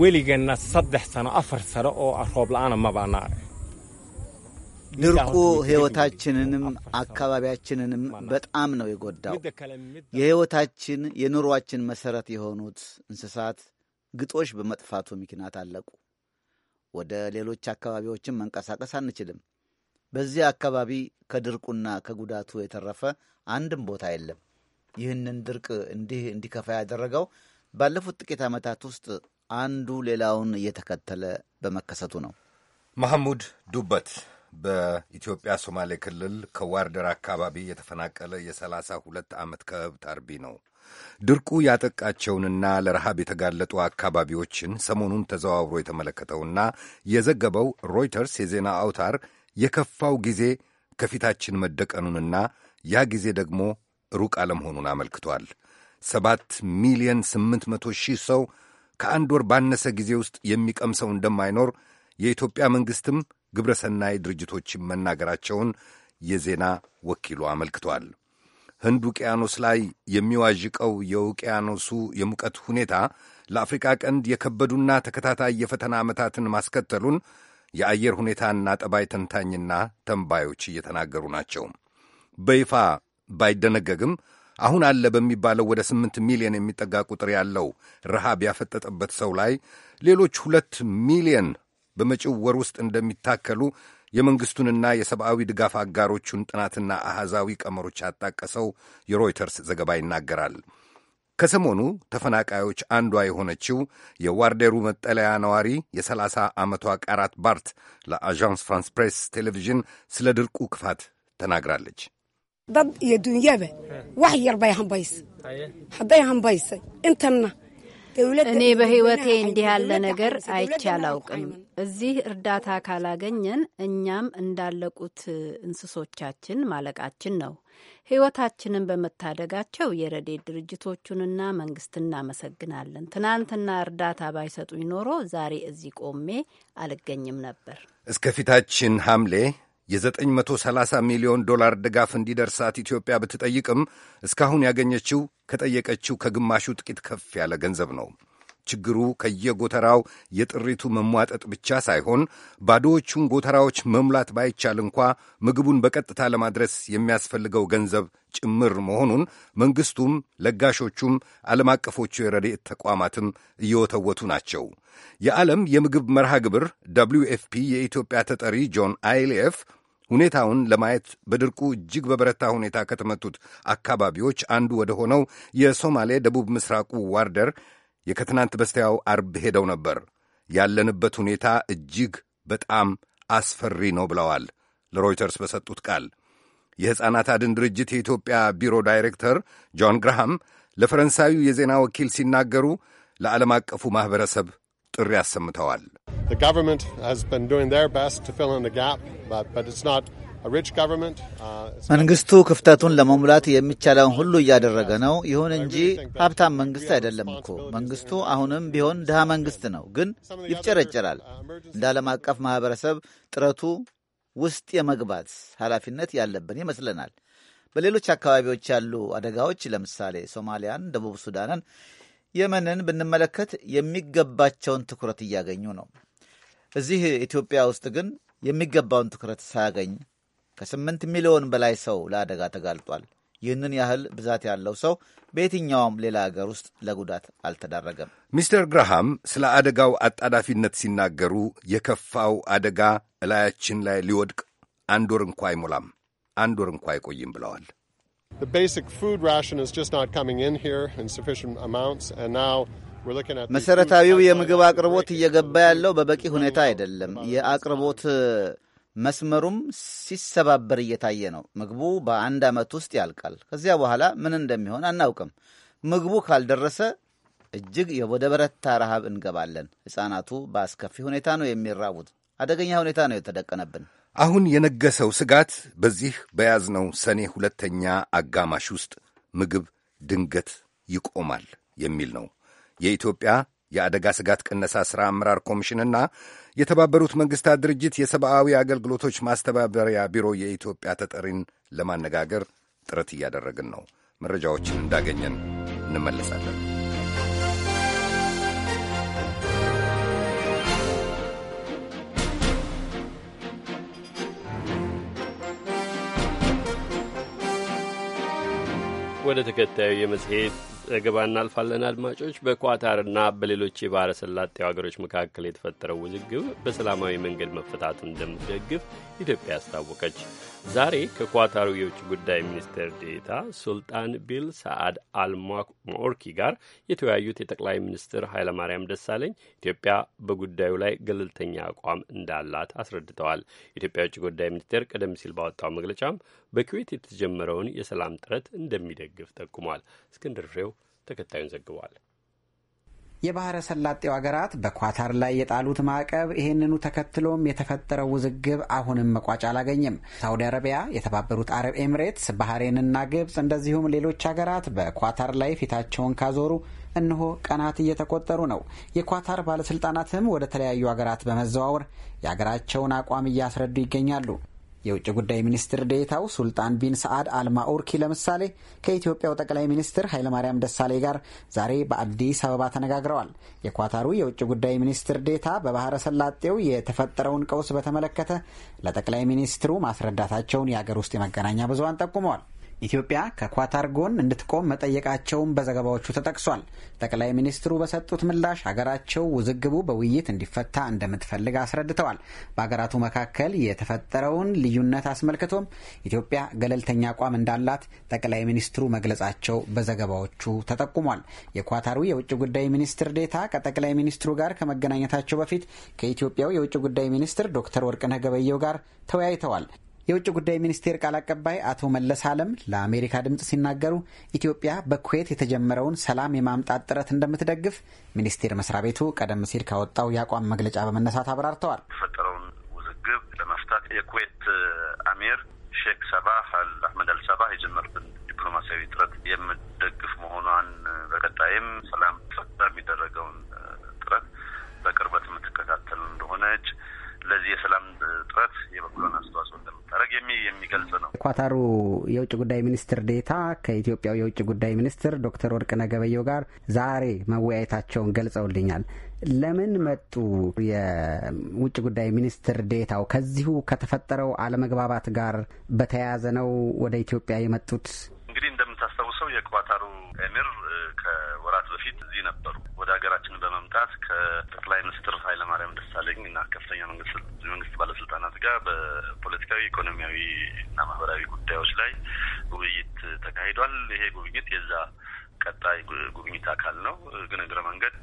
weligana saddex sano afar sano oo ah roob la-aana mabaana ድርቁ ሕይወታችንንም አካባቢያችንንም በጣም ነው የጎዳው። የሕይወታችን የኑሯችን መሠረት የሆኑት እንስሳት ግጦሽ በመጥፋቱ ምክንያት አለቁ። ወደ ሌሎች አካባቢዎችን መንቀሳቀስ አንችልም። በዚህ አካባቢ ከድርቁና ከጉዳቱ የተረፈ አንድም ቦታ የለም። ይህንን ድርቅ እንዲህ እንዲከፋ ያደረገው ባለፉት ጥቂት ዓመታት ውስጥ አንዱ ሌላውን እየተከተለ በመከሰቱ ነው። መሐሙድ ዱበት በኢትዮጵያ ሶማሌ ክልል ከዋርደር አካባቢ የተፈናቀለ የሰላሳ ሁለት ዓመት ከብት አርቢ ነው። ድርቁ ያጠቃቸውንና ለረሃብ የተጋለጡ አካባቢዎችን ሰሞኑን ተዘዋውሮ የተመለከተውና የዘገበው ሮይተርስ የዜና አውታር የከፋው ጊዜ ከፊታችን መደቀኑንና ያ ጊዜ ደግሞ ሩቅ አለመሆኑን አመልክቷል። ሰባት ሚሊዮን ስምንት መቶ ሺህ ሰው ከአንድ ወር ባነሰ ጊዜ ውስጥ የሚቀምሰው እንደማይኖር የኢትዮጵያ መንግሥትም ሰናይ ድርጅቶች መናገራቸውን የዜና ወኪሉ አመልክቷል። ህንድ ውቅያኖስ ላይ የሚዋዥቀው የውቅያኖሱ የሙቀት ሁኔታ ለአፍሪቃ ቀንድ የከበዱና ተከታታይ የፈተና ዓመታትን ማስከተሉን የአየር ሁኔታና ጠባይ ተንታኝና ተንባዮች እየተናገሩ ናቸው። በይፋ ባይደነገግም አሁን አለ በሚባለው ወደ ስምንት ሚሊዮን የሚጠጋ ቁጥር ያለው ረሃብ ያፈጠጠበት ሰው ላይ ሌሎች ሁለት ሚሊዮን በመጪው ወር ውስጥ እንደሚታከሉ የመንግሥቱንና የሰብአዊ ድጋፍ አጋሮቹን ጥናትና አሃዛዊ ቀመሮች ያጣቀሰው የሮይተርስ ዘገባ ይናገራል። ከሰሞኑ ተፈናቃዮች አንዷ የሆነችው የዋርዴሩ መጠለያ ነዋሪ የ30 ዓመቷ ቃራት ባርት ለአዣንስ ፍራንስ ፕሬስ ቴሌቪዥን ስለ ድርቁ ክፋት ተናግራለች። dad iyo dunyaba wax yar bay hambaysay hadday hambaysay intana እኔ በህይወቴ እንዲህ ያለ ነገር አይቼ አላውቅም። እዚህ እርዳታ ካላገኘን እኛም እንዳለቁት እንስሶቻችን ማለቃችን ነው። ህይወታችንን በመታደጋቸው የረድኤት ድርጅቶቹንና መንግስት እናመሰግናለን። ትናንትና እርዳታ ባይሰጡኝ ኖሮ ዛሬ እዚህ ቆሜ አልገኝም ነበር። እስከፊታችን ሐምሌ የ930 ሚሊዮን ዶላር ድጋፍ እንዲደርሳት ኢትዮጵያ ብትጠይቅም እስካሁን ያገኘችው ከጠየቀችው ከግማሹ ጥቂት ከፍ ያለ ገንዘብ ነው። ችግሩ ከየጎተራው የጥሪቱ መሟጠጥ ብቻ ሳይሆን ባዶዎቹን ጎተራዎች መሙላት ባይቻል እንኳ ምግቡን በቀጥታ ለማድረስ የሚያስፈልገው ገንዘብ ጭምር መሆኑን መንግሥቱም ለጋሾቹም ዓለም አቀፎቹ የረድኤት ተቋማትም እየወተወቱ ናቸው። የዓለም የምግብ መርሃ ግብር ደብሊው ኤፍ ፒ የኢትዮጵያ ተጠሪ ጆን አይሊኤፍ ሁኔታውን ለማየት በድርቁ እጅግ በበረታ ሁኔታ ከተመቱት አካባቢዎች አንዱ ወደ ሆነው የሶማሌ ደቡብ ምስራቁ ዋርደር የከትናንት በስቲያው አርብ ሄደው ነበር። ያለንበት ሁኔታ እጅግ በጣም አስፈሪ ነው ብለዋል ለሮይተርስ በሰጡት ቃል። የሕፃናት አድን ድርጅት የኢትዮጵያ ቢሮ ዳይሬክተር ጆን ግርሃም ለፈረንሳዩ የዜና ወኪል ሲናገሩ ለዓለም አቀፉ ማኅበረሰብ ጥሪ አሰምተዋል። Uh, መንግስቱ ክፍተቱን ለመሙላት የሚቻለውን ሁሉ እያደረገ ነው። ይሁን እንጂ ሀብታም መንግስት አይደለም እኮ። መንግስቱ አሁንም ቢሆን ድሃ መንግስት ነው፣ ግን ይፍጨረጨራል። uh, እንደ ዓለም አቀፍ ማህበረሰብ ጥረቱ ውስጥ የመግባት ኃላፊነት ያለብን ይመስለናል። በሌሎች አካባቢዎች ያሉ አደጋዎች ለምሳሌ ሶማሊያን፣ ደቡብ ሱዳንን፣ የመንን ብንመለከት የሚገባቸውን ትኩረት እያገኙ ነው። እዚህ ኢትዮጵያ ውስጥ ግን የሚገባውን ትኩረት ሳያገኝ ከስምንት ሚሊዮን በላይ ሰው ለአደጋ ተጋልጧል። ይህንን ያህል ብዛት ያለው ሰው በየትኛውም ሌላ አገር ውስጥ ለጉዳት አልተዳረገም። ሚስተር ግርሃም ስለ አደጋው አጣዳፊነት ሲናገሩ የከፋው አደጋ እላያችን ላይ ሊወድቅ አንድ ወር እንኳ አይሞላም፣ አንድ ወር እንኳ አይቆይም ብለዋል። መሠረታዊው የምግብ አቅርቦት እየገባ ያለው በበቂ ሁኔታ አይደለም። የአቅርቦት መስመሩም ሲሰባበር እየታየ ነው። ምግቡ በአንድ ዓመት ውስጥ ያልቃል። ከዚያ በኋላ ምን እንደሚሆን አናውቅም። ምግቡ ካልደረሰ እጅግ ወደ በረታ ረሃብ እንገባለን። ሕፃናቱ በአስከፊ ሁኔታ ነው የሚራቡት። አደገኛ ሁኔታ ነው የተደቀነብን። አሁን የነገሰው ስጋት በዚህ በያዝነው ሰኔ ሁለተኛ አጋማሽ ውስጥ ምግብ ድንገት ይቆማል የሚል ነው። የኢትዮጵያ የአደጋ ስጋት ቅነሳ ሥራ አመራር ኮሚሽንና የተባበሩት መንግሥታት ድርጅት የሰብአዊ አገልግሎቶች ማስተባበሪያ ቢሮ የኢትዮጵያ ተጠሪን ለማነጋገር ጥረት እያደረግን ነው። መረጃዎችን እንዳገኘን እንመለሳለን። ወደ ተከታዩ የመጽሔት ዘገባ እናልፋለን። አድማጮች በኳታርና በሌሎች የባህረ ሰላጤው ሀገሮች መካከል የተፈጠረው ውዝግብ በሰላማዊ መንገድ መፈታት እንደምትደግፍ ኢትዮጵያ አስታወቀች። ዛሬ ከኳታሩ የውጭ ጉዳይ ሚኒስትር ዴታ ሱልጣን ቢል ሰዓድ አልማኦርኪ ጋር የተወያዩት የጠቅላይ ሚኒስትር ኃይለማርያም ደሳለኝ ኢትዮጵያ በጉዳዩ ላይ ገለልተኛ አቋም እንዳላት አስረድተዋል። የኢትዮጵያ የውጭ ጉዳይ ሚኒስቴር ቀደም ሲል ባወጣው መግለጫም በኩዌት የተጀመረውን የሰላም ጥረት እንደሚደግፍ ጠቁሟል። እስክንድር ፍሬው ተከታዩን ዘግቧል። የባህረ ሰላጤው ሀገራት በኳታር ላይ የጣሉት ማዕቀብ ይህንኑ ተከትሎም የተፈጠረው ውዝግብ አሁንም መቋጫ አላገኝም። ሳውዲ አረቢያ፣ የተባበሩት አረብ ኤምሬትስ፣ ባህሬንና ግብፅ እንደዚሁም ሌሎች ሀገራት በኳታር ላይ ፊታቸውን ካዞሩ እነሆ ቀናት እየተቆጠሩ ነው። የኳታር ባለስልጣናትም ወደ ተለያዩ ሀገራት በመዘዋወር የሀገራቸውን አቋም እያስረዱ ይገኛሉ። የውጭ ጉዳይ ሚኒስትር ዴታው ሱልጣን ቢን ሰዓድ አልማኡርኪ ለምሳሌ ከኢትዮጵያው ጠቅላይ ሚኒስትር ኃይለማርያም ደሳሌ ጋር ዛሬ በአዲስ አበባ ተነጋግረዋል። የኳታሩ የውጭ ጉዳይ ሚኒስትር ዴታ በባህረ ሰላጤው የተፈጠረውን ቀውስ በተመለከተ ለጠቅላይ ሚኒስትሩ ማስረዳታቸውን የአገር ውስጥ የመገናኛ ብዙሃን ጠቁመዋል። ኢትዮጵያ ከኳታር ጎን እንድትቆም መጠየቃቸውን በዘገባዎቹ ተጠቅሷል። ጠቅላይ ሚኒስትሩ በሰጡት ምላሽ ሀገራቸው ውዝግቡ በውይይት እንዲፈታ እንደምትፈልግ አስረድተዋል። በሀገራቱ መካከል የተፈጠረውን ልዩነት አስመልክቶም ኢትዮጵያ ገለልተኛ አቋም እንዳላት ጠቅላይ ሚኒስትሩ መግለጻቸው በዘገባዎቹ ተጠቁሟል። የኳታሩ የውጭ ጉዳይ ሚኒስትር ዴታ ከጠቅላይ ሚኒስትሩ ጋር ከመገናኘታቸው በፊት ከኢትዮጵያው የውጭ ጉዳይ ሚኒስትር ዶክተር ወርቅነህ ገበየው ጋር ተወያይተዋል። የውጭ ጉዳይ ሚኒስቴር ቃል አቀባይ አቶ መለስ አለም ለአሜሪካ ድምፅ ሲናገሩ ኢትዮጵያ በኩዌት የተጀመረውን ሰላም የማምጣት ጥረት እንደምትደግፍ ሚኒስቴር መስሪያ ቤቱ ቀደም ሲል ካወጣው የአቋም መግለጫ በመነሳት አብራርተዋል። የተፈጠረውን ውዝግብ ለመፍታት የኩዌት አሚር ሼክ ሰባህ አል አህመድ አልሰባህ የጀመሩትን ዲፕሎማሲያዊ ጥረት የምደ ከኳታሩ የውጭ ጉዳይ ሚኒስትር ዴታ ከኢትዮጵያው የውጭ ጉዳይ ሚኒስትር ዶክተር ወርቅነህ ገበየሁ ጋር ዛሬ መወያየታቸውን ገልጸውልኛል። ለምን መጡ? የውጭ ጉዳይ ሚኒስትር ዴታው ከዚሁ ከተፈጠረው አለመግባባት ጋር በተያያዘ ነው ወደ ኢትዮጵያ የመጡት? እንግዲህ የኳታሩ ኤሚር ከወራት በፊት እዚህ ነበሩ። ወደ ሀገራችን በመምጣት ከጠቅላይ ሚኒስትር ኃይለማርያም ደሳለኝ እና ከፍተኛ መንግስት ባለስልጣናት ጋር በፖለቲካዊ ኢኮኖሚያዊ እና ማህበራዊ ጉዳዮች ላይ ውይይት ተካሂዷል። ይሄ ጉብኝት የዛ ቀጣይ ጉብኝት አካል ነው። ግን እግረ መንገድ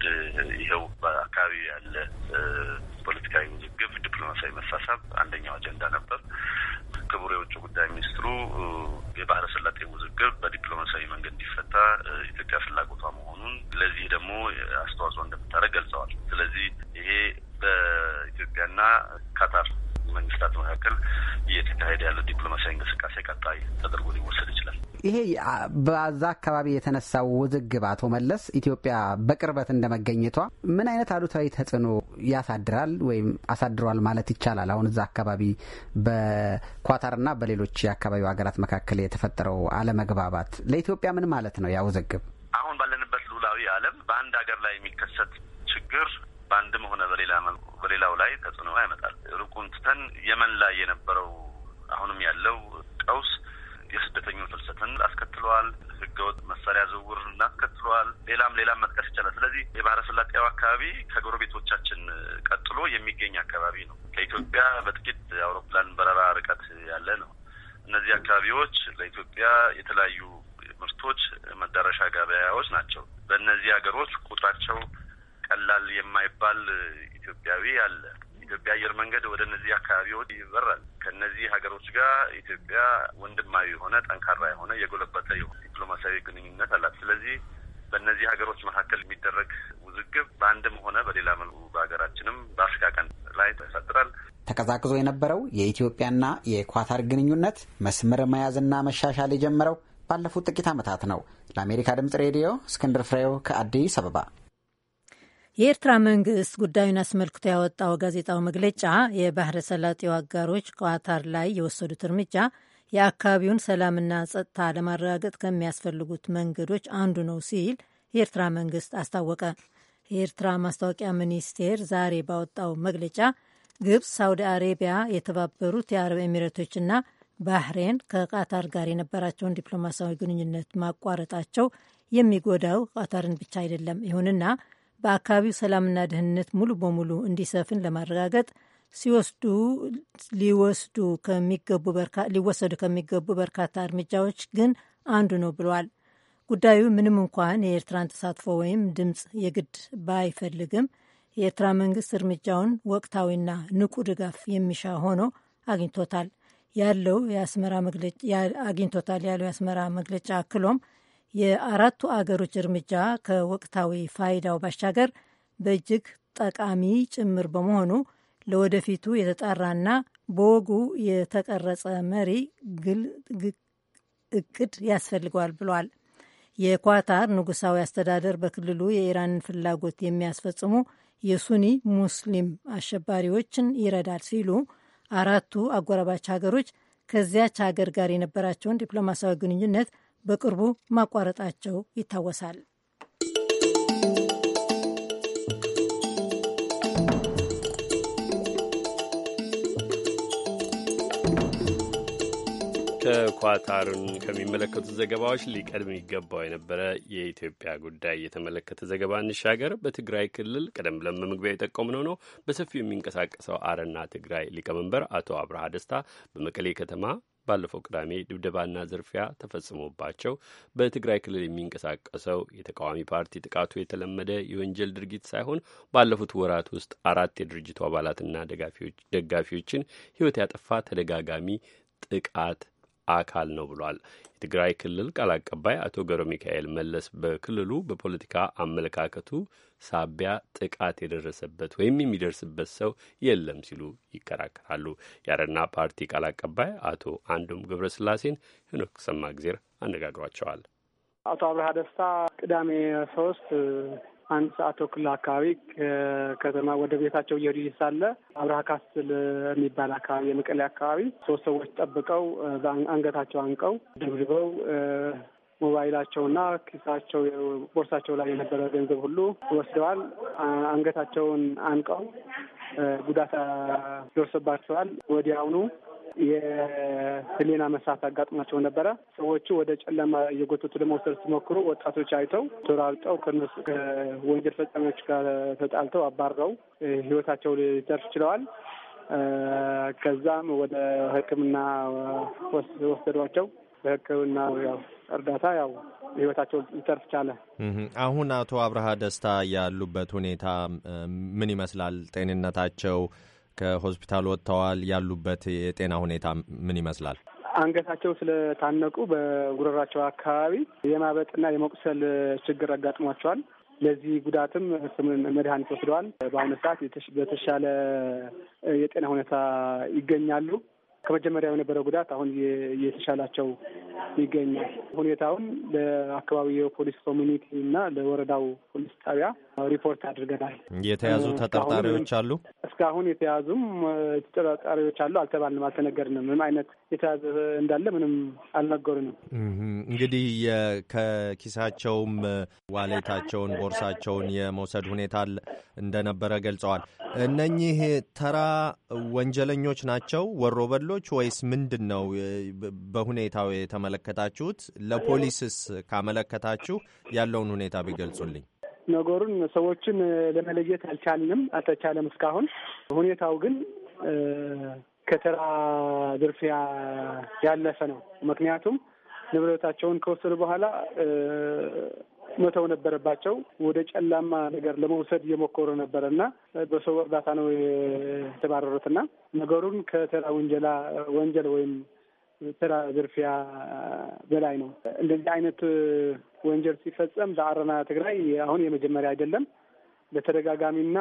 ይኸው በአካባቢ ያለ ፖለቲካዊ ውዝግብ፣ ዲፕሎማሲያዊ መሳሳብ አንደኛው አጀንዳ ነበር። ክቡር የውጭ ጉዳይ ሚኒስትሩ የባህረ ሰላጤ ውዝግብ በዲፕሎማሲያዊ መንገድ እንዲፈታ ኢትዮጵያ ፍላጎቷ መሆኑን ለዚህ ደግሞ አስተዋጽኦ እንደምታደርግ ገልጸዋል። ስለዚህ ይሄ በኢትዮጵያና ካታር መንግስታት መካከል እየተካሄደ ያለው ዲፕሎማሲያዊ እንቅስቃሴ ቀጣይ ተደርጎ ሊወሰድ ይችላል። ይሄ በዛ አካባቢ የተነሳው ውዝግብ አቶ መለስ ኢትዮጵያ በቅርበት እንደመገኘቷ ምን አይነት አሉታዊ ተጽዕኖ ያሳድራል ወይም አሳድሯል ማለት ይቻላል? አሁን እዛ አካባቢ በኳታርና በሌሎች የአካባቢው ሀገራት መካከል የተፈጠረው አለመግባባት ለኢትዮጵያ ምን ማለት ነው? ያ ውዝግብ አሁን ባለንበት ሉላዊ ዓለም በአንድ ሀገር ላይ የሚከሰት ችግር በአንድም ሆነ በሌላ በሌላው ላይ ተጽዕኖ ያመጣል። ሩቁን ትተን የመን ላይ የነበረው አሁንም ያለው ቀውስ የስደተኞች ፍልሰትን አስከትለዋል። ህገወጥ መሳሪያ ዝውውርን አስከትለዋል። ሌላም ሌላም መጥቀስ ይቻላል። ስለዚህ የባህረ ሰላጤው አካባቢ ከጎረቤቶቻችን ቀጥሎ የሚገኝ አካባቢ ነው። ከኢትዮጵያ በጥቂት አውሮፕላን በረራ ርቀት ያለ ነው። እነዚህ አካባቢዎች ለኢትዮጵያ የተለያዩ ምርቶች መዳረሻ ገበያዎች ናቸው። በእነዚህ ሀገሮች ቁጥራቸው ቀላል የማይባል ኢትዮጵያዊ አለ። ኢትዮጵያ አየር መንገድ ወደ እነዚህ አካባቢዎች ይበራል። ከእነዚህ ሀገሮች ጋር ኢትዮጵያ ወንድማዊ የሆነ ጠንካራ የሆነ የጎለበተ የሆነ ዲፕሎማሲያዊ ግንኙነት አላት። ስለዚህ በእነዚህ ሀገሮች መካከል የሚደረግ ውዝግብ በአንድም ሆነ በሌላ መልኩ በሀገራችንም በአፍሪካ ቀን ላይ ያሳድራል። ተቀዛቅዞ የነበረው የኢትዮጵያና የኳታር ግንኙነት መስመር መያዝና መሻሻል የጀመረው ባለፉት ጥቂት ዓመታት ነው። ለአሜሪካ ድምጽ ሬዲዮ እስክንድር ፍሬው ከአዲስ አበባ የኤርትራ መንግስት ጉዳዩን አስመልክቶ ያወጣው ጋዜጣው መግለጫ የባህረ ሰላጤው አጋሮች ቋታር ላይ የወሰዱት እርምጃ የአካባቢውን ሰላምና ጸጥታ ለማረጋገጥ ከሚያስፈልጉት መንገዶች አንዱ ነው ሲል የኤርትራ መንግስት አስታወቀ። የኤርትራ ማስታወቂያ ሚኒስቴር ዛሬ ባወጣው መግለጫ ግብፅ፣ ሳውዲ አሬቢያ፣ የተባበሩት የአረብ ኤሚሬቶችና ባህሬን ከቃታር ጋር የነበራቸውን ዲፕሎማሲያዊ ግንኙነት ማቋረጣቸው የሚጎዳው ቃታርን ብቻ አይደለም፣ ይሁንና በአካባቢው ሰላምና ደህንነት ሙሉ በሙሉ እንዲሰፍን ለማረጋገጥ ሲወስዱ ሊወስዱ ከሚገቡ ሊወሰዱ ከሚገቡ በርካታ እርምጃዎች ግን አንዱ ነው ብለዋል። ጉዳዩ ምንም እንኳን የኤርትራን ተሳትፎ ወይም ድምፅ የግድ ባይፈልግም የኤርትራ መንግስት እርምጃውን ወቅታዊና ንቁ ድጋፍ የሚሻ ሆኖ አግኝቶታል ያለው የአስመራ መግለጫ አግኝቶታል ያለው የአስመራ መግለጫ አክሎም የአራቱ አገሮች እርምጃ ከወቅታዊ ፋይዳው ባሻገር በእጅግ ጠቃሚ ጭምር በመሆኑ ለወደፊቱ የተጣራና በወጉ የተቀረጸ መሪ ግል እቅድ ያስፈልገዋል ብሏል። የኳታር ንጉሳዊ አስተዳደር በክልሉ የኢራንን ፍላጎት የሚያስፈጽሙ የሱኒ ሙስሊም አሸባሪዎችን ይረዳል ሲሉ አራቱ አጎራባች ሀገሮች ከዚያች ሀገር ጋር የነበራቸውን ዲፕሎማሲያዊ ግንኙነት በቅርቡ ማቋረጣቸው ይታወሳል። ከኳታሩን ከሚመለከቱ ዘገባዎች ሊቀድም ይገባው የነበረ የኢትዮጵያ ጉዳይ የተመለከተ ዘገባ እንሻገር። በትግራይ ክልል ቀደም ብለን በመግቢያ የጠቆምነው ነው። በሰፊው የሚንቀሳቀሰው አረና ትግራይ ሊቀመንበር አቶ አብርሃ ደስታ በመቀሌ ከተማ ባለፈው ቅዳሜ ድብደባና ዝርፊያ ተፈጽሞባቸው በትግራይ ክልል የሚንቀሳቀሰው የተቃዋሚ ፓርቲ ጥቃቱ የተለመደ የወንጀል ድርጊት ሳይሆን ባለፉት ወራት ውስጥ አራት የድርጅቱ አባላትና ደጋፊዎችን ሕይወት ያጠፋ ተደጋጋሚ ጥቃት አካል ነው ብሏል። የትግራይ ክልል ቃል አቀባይ አቶ ገብረ ሚካኤል መለስ በክልሉ በፖለቲካ አመለካከቱ ሳቢያ ጥቃት የደረሰበት ወይም የሚደርስበት ሰው የለም ሲሉ ይከራከራሉ። የአረና ፓርቲ ቃል አቀባይ አቶ አንዱም ገብረስላሴን ሄኖክ ጊዜር አነጋግሯቸዋል። አቶ አብርሃ ደስታ ቅዳሜ ሶስት አንድ ሰዓት ተኩል አካባቢ ከተማ ወደ ቤታቸው እየሄዱ ሳለ አብርሃ ካስል የሚባል አካባቢ የመቀሌ አካባቢ ሶስት ሰዎች ጠብቀው አንገታቸው አንቀው ደብድበው ሞባይላቸውና ኪሳቸው ቦርሳቸው ላይ የነበረ ገንዘብ ሁሉ ወስደዋል። አንገታቸውን አንቀው ጉዳት ደርሶባቸዋል። ወዲያውኑ የህሊና መሳት አጋጥሟቸው ነበረ። ሰዎቹ ወደ ጨለማ እየጎተቱ ለመውሰድ ሲሞክሩ ወጣቶች አይተው ተራርጠው ከወንጀል ፈጻሚዎች ጋር ተጣልተው አባረው ህይወታቸው ሊተርፍ ችለዋል። ከዛም ወደ ሕክምና ወሰዷቸው። በሕክምና ያው እርዳታ ያው ህይወታቸው ሊተርፍ ቻለ። አሁን አቶ አብርሃ ደስታ ያሉበት ሁኔታ ምን ይመስላል? ጤንነታቸው ከሆስፒታል ወጥተዋል? ያሉበት የጤና ሁኔታ ምን ይመስላል? አንገታቸው ስለታነቁ በጉረራቸው አካባቢ የማበጥና የመቁሰል ችግር አጋጥሟቸዋል። ለዚህ ጉዳትም ሕክምና መድኃኒት ወስደዋል። በአሁኑ ሰዓት በተሻለ የጤና ሁኔታ ይገኛሉ። ከመጀመሪያው የነበረው ጉዳት አሁን እየተሻላቸው ይገኛል። ሁኔታውን ለአካባቢ የፖሊስ ኮሚኒቲ እና ለወረዳው ፖሊስ ጣቢያ ሪፖርት አድርገናል። የተያዙ ተጠርጣሪዎች አሉ። እስካሁን የተያዙም ተጠርጣሪዎች አሉ አልተባልንም፣ አልተነገርንም። ምንም አይነት የተያዘ እንዳለ ምንም አልነገሩንም። እንግዲህ ከኪሳቸውም ዋሌታቸውን፣ ቦርሳቸውን የመውሰድ ሁኔታ እንደነበረ ገልጸዋል። እነኚህ ተራ ወንጀለኞች ናቸው ወሮ በሉ ክልሎች ወይስ ምንድን ነው በሁኔታው የተመለከታችሁት? ለፖሊስስ ካመለከታችሁ ያለውን ሁኔታ ቢገልጹልኝ። ነገሩን ሰዎችን ለመለየት አልቻልንም፣ አልተቻለም እስካሁን። ሁኔታው ግን ከተራ ዝርፊያ ያለፈ ነው። ምክንያቱም ንብረታቸውን ከወሰዱ በኋላ መተው ነበረባቸው። ወደ ጨላማ ነገር ለመውሰድ እየሞከሩ ነበረ እና በሰው እርዳታ ነው የተባረሩት እና ነገሩን ከተራ ወንጀላ ወንጀል ወይም ተራ ዝርፊያ በላይ ነው። እንደዚህ አይነት ወንጀል ሲፈጸም በአረና ትግራይ አሁን የመጀመሪያ አይደለም። በተደጋጋሚና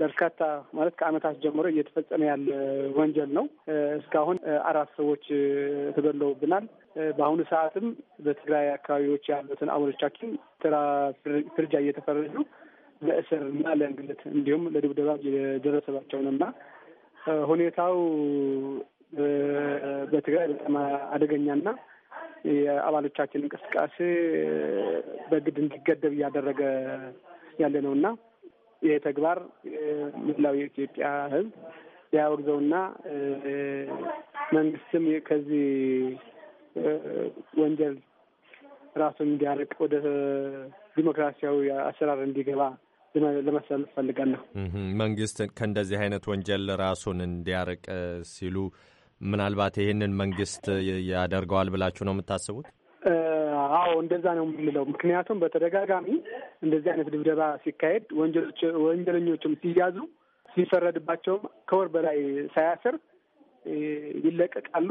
በርካታ ማለት ከዓመታት ጀምሮ እየተፈጸመ ያለ ወንጀል ነው። እስካሁን አራት ሰዎች ተገለውብናል። በአሁኑ ሰዓትም በትግራይ አካባቢዎች ያሉትን አባሎቻችን ትራ ፍርጃ እየተፈረጁ ለእስርና ለእንግልት እንዲሁም ለድብደባ እየደረሰባቸው ነው እና ሁኔታው በትግራይ በጣም አደገኛና የአባሎቻችን እንቅስቃሴ በግድ እንዲገደብ እያደረገ ያለ ነው እና ይህ ተግባር መላው የኢትዮጵያ ህዝብ ሊያወግዘውና መንግስትም ከዚህ ወንጀል ራሱን እንዲያርቅ ወደ ዲሞክራሲያዊ አሰራር እንዲገባ ለመሰል እፈልጋለሁ። መንግስት ከእንደዚህ አይነት ወንጀል ራሱን እንዲያርቅ ሲሉ ምናልባት ይህንን መንግስት ያደርገዋል ብላችሁ ነው የምታስቡት? አዎ እንደዛ ነው የምንለው። ምክንያቱም በተደጋጋሚ እንደዚህ አይነት ድብደባ ሲካሄድ ወንጀለኞችም ሲያዙ ሲፈረድባቸውም ከወር በላይ ሳያስር ይለቀቃሉ።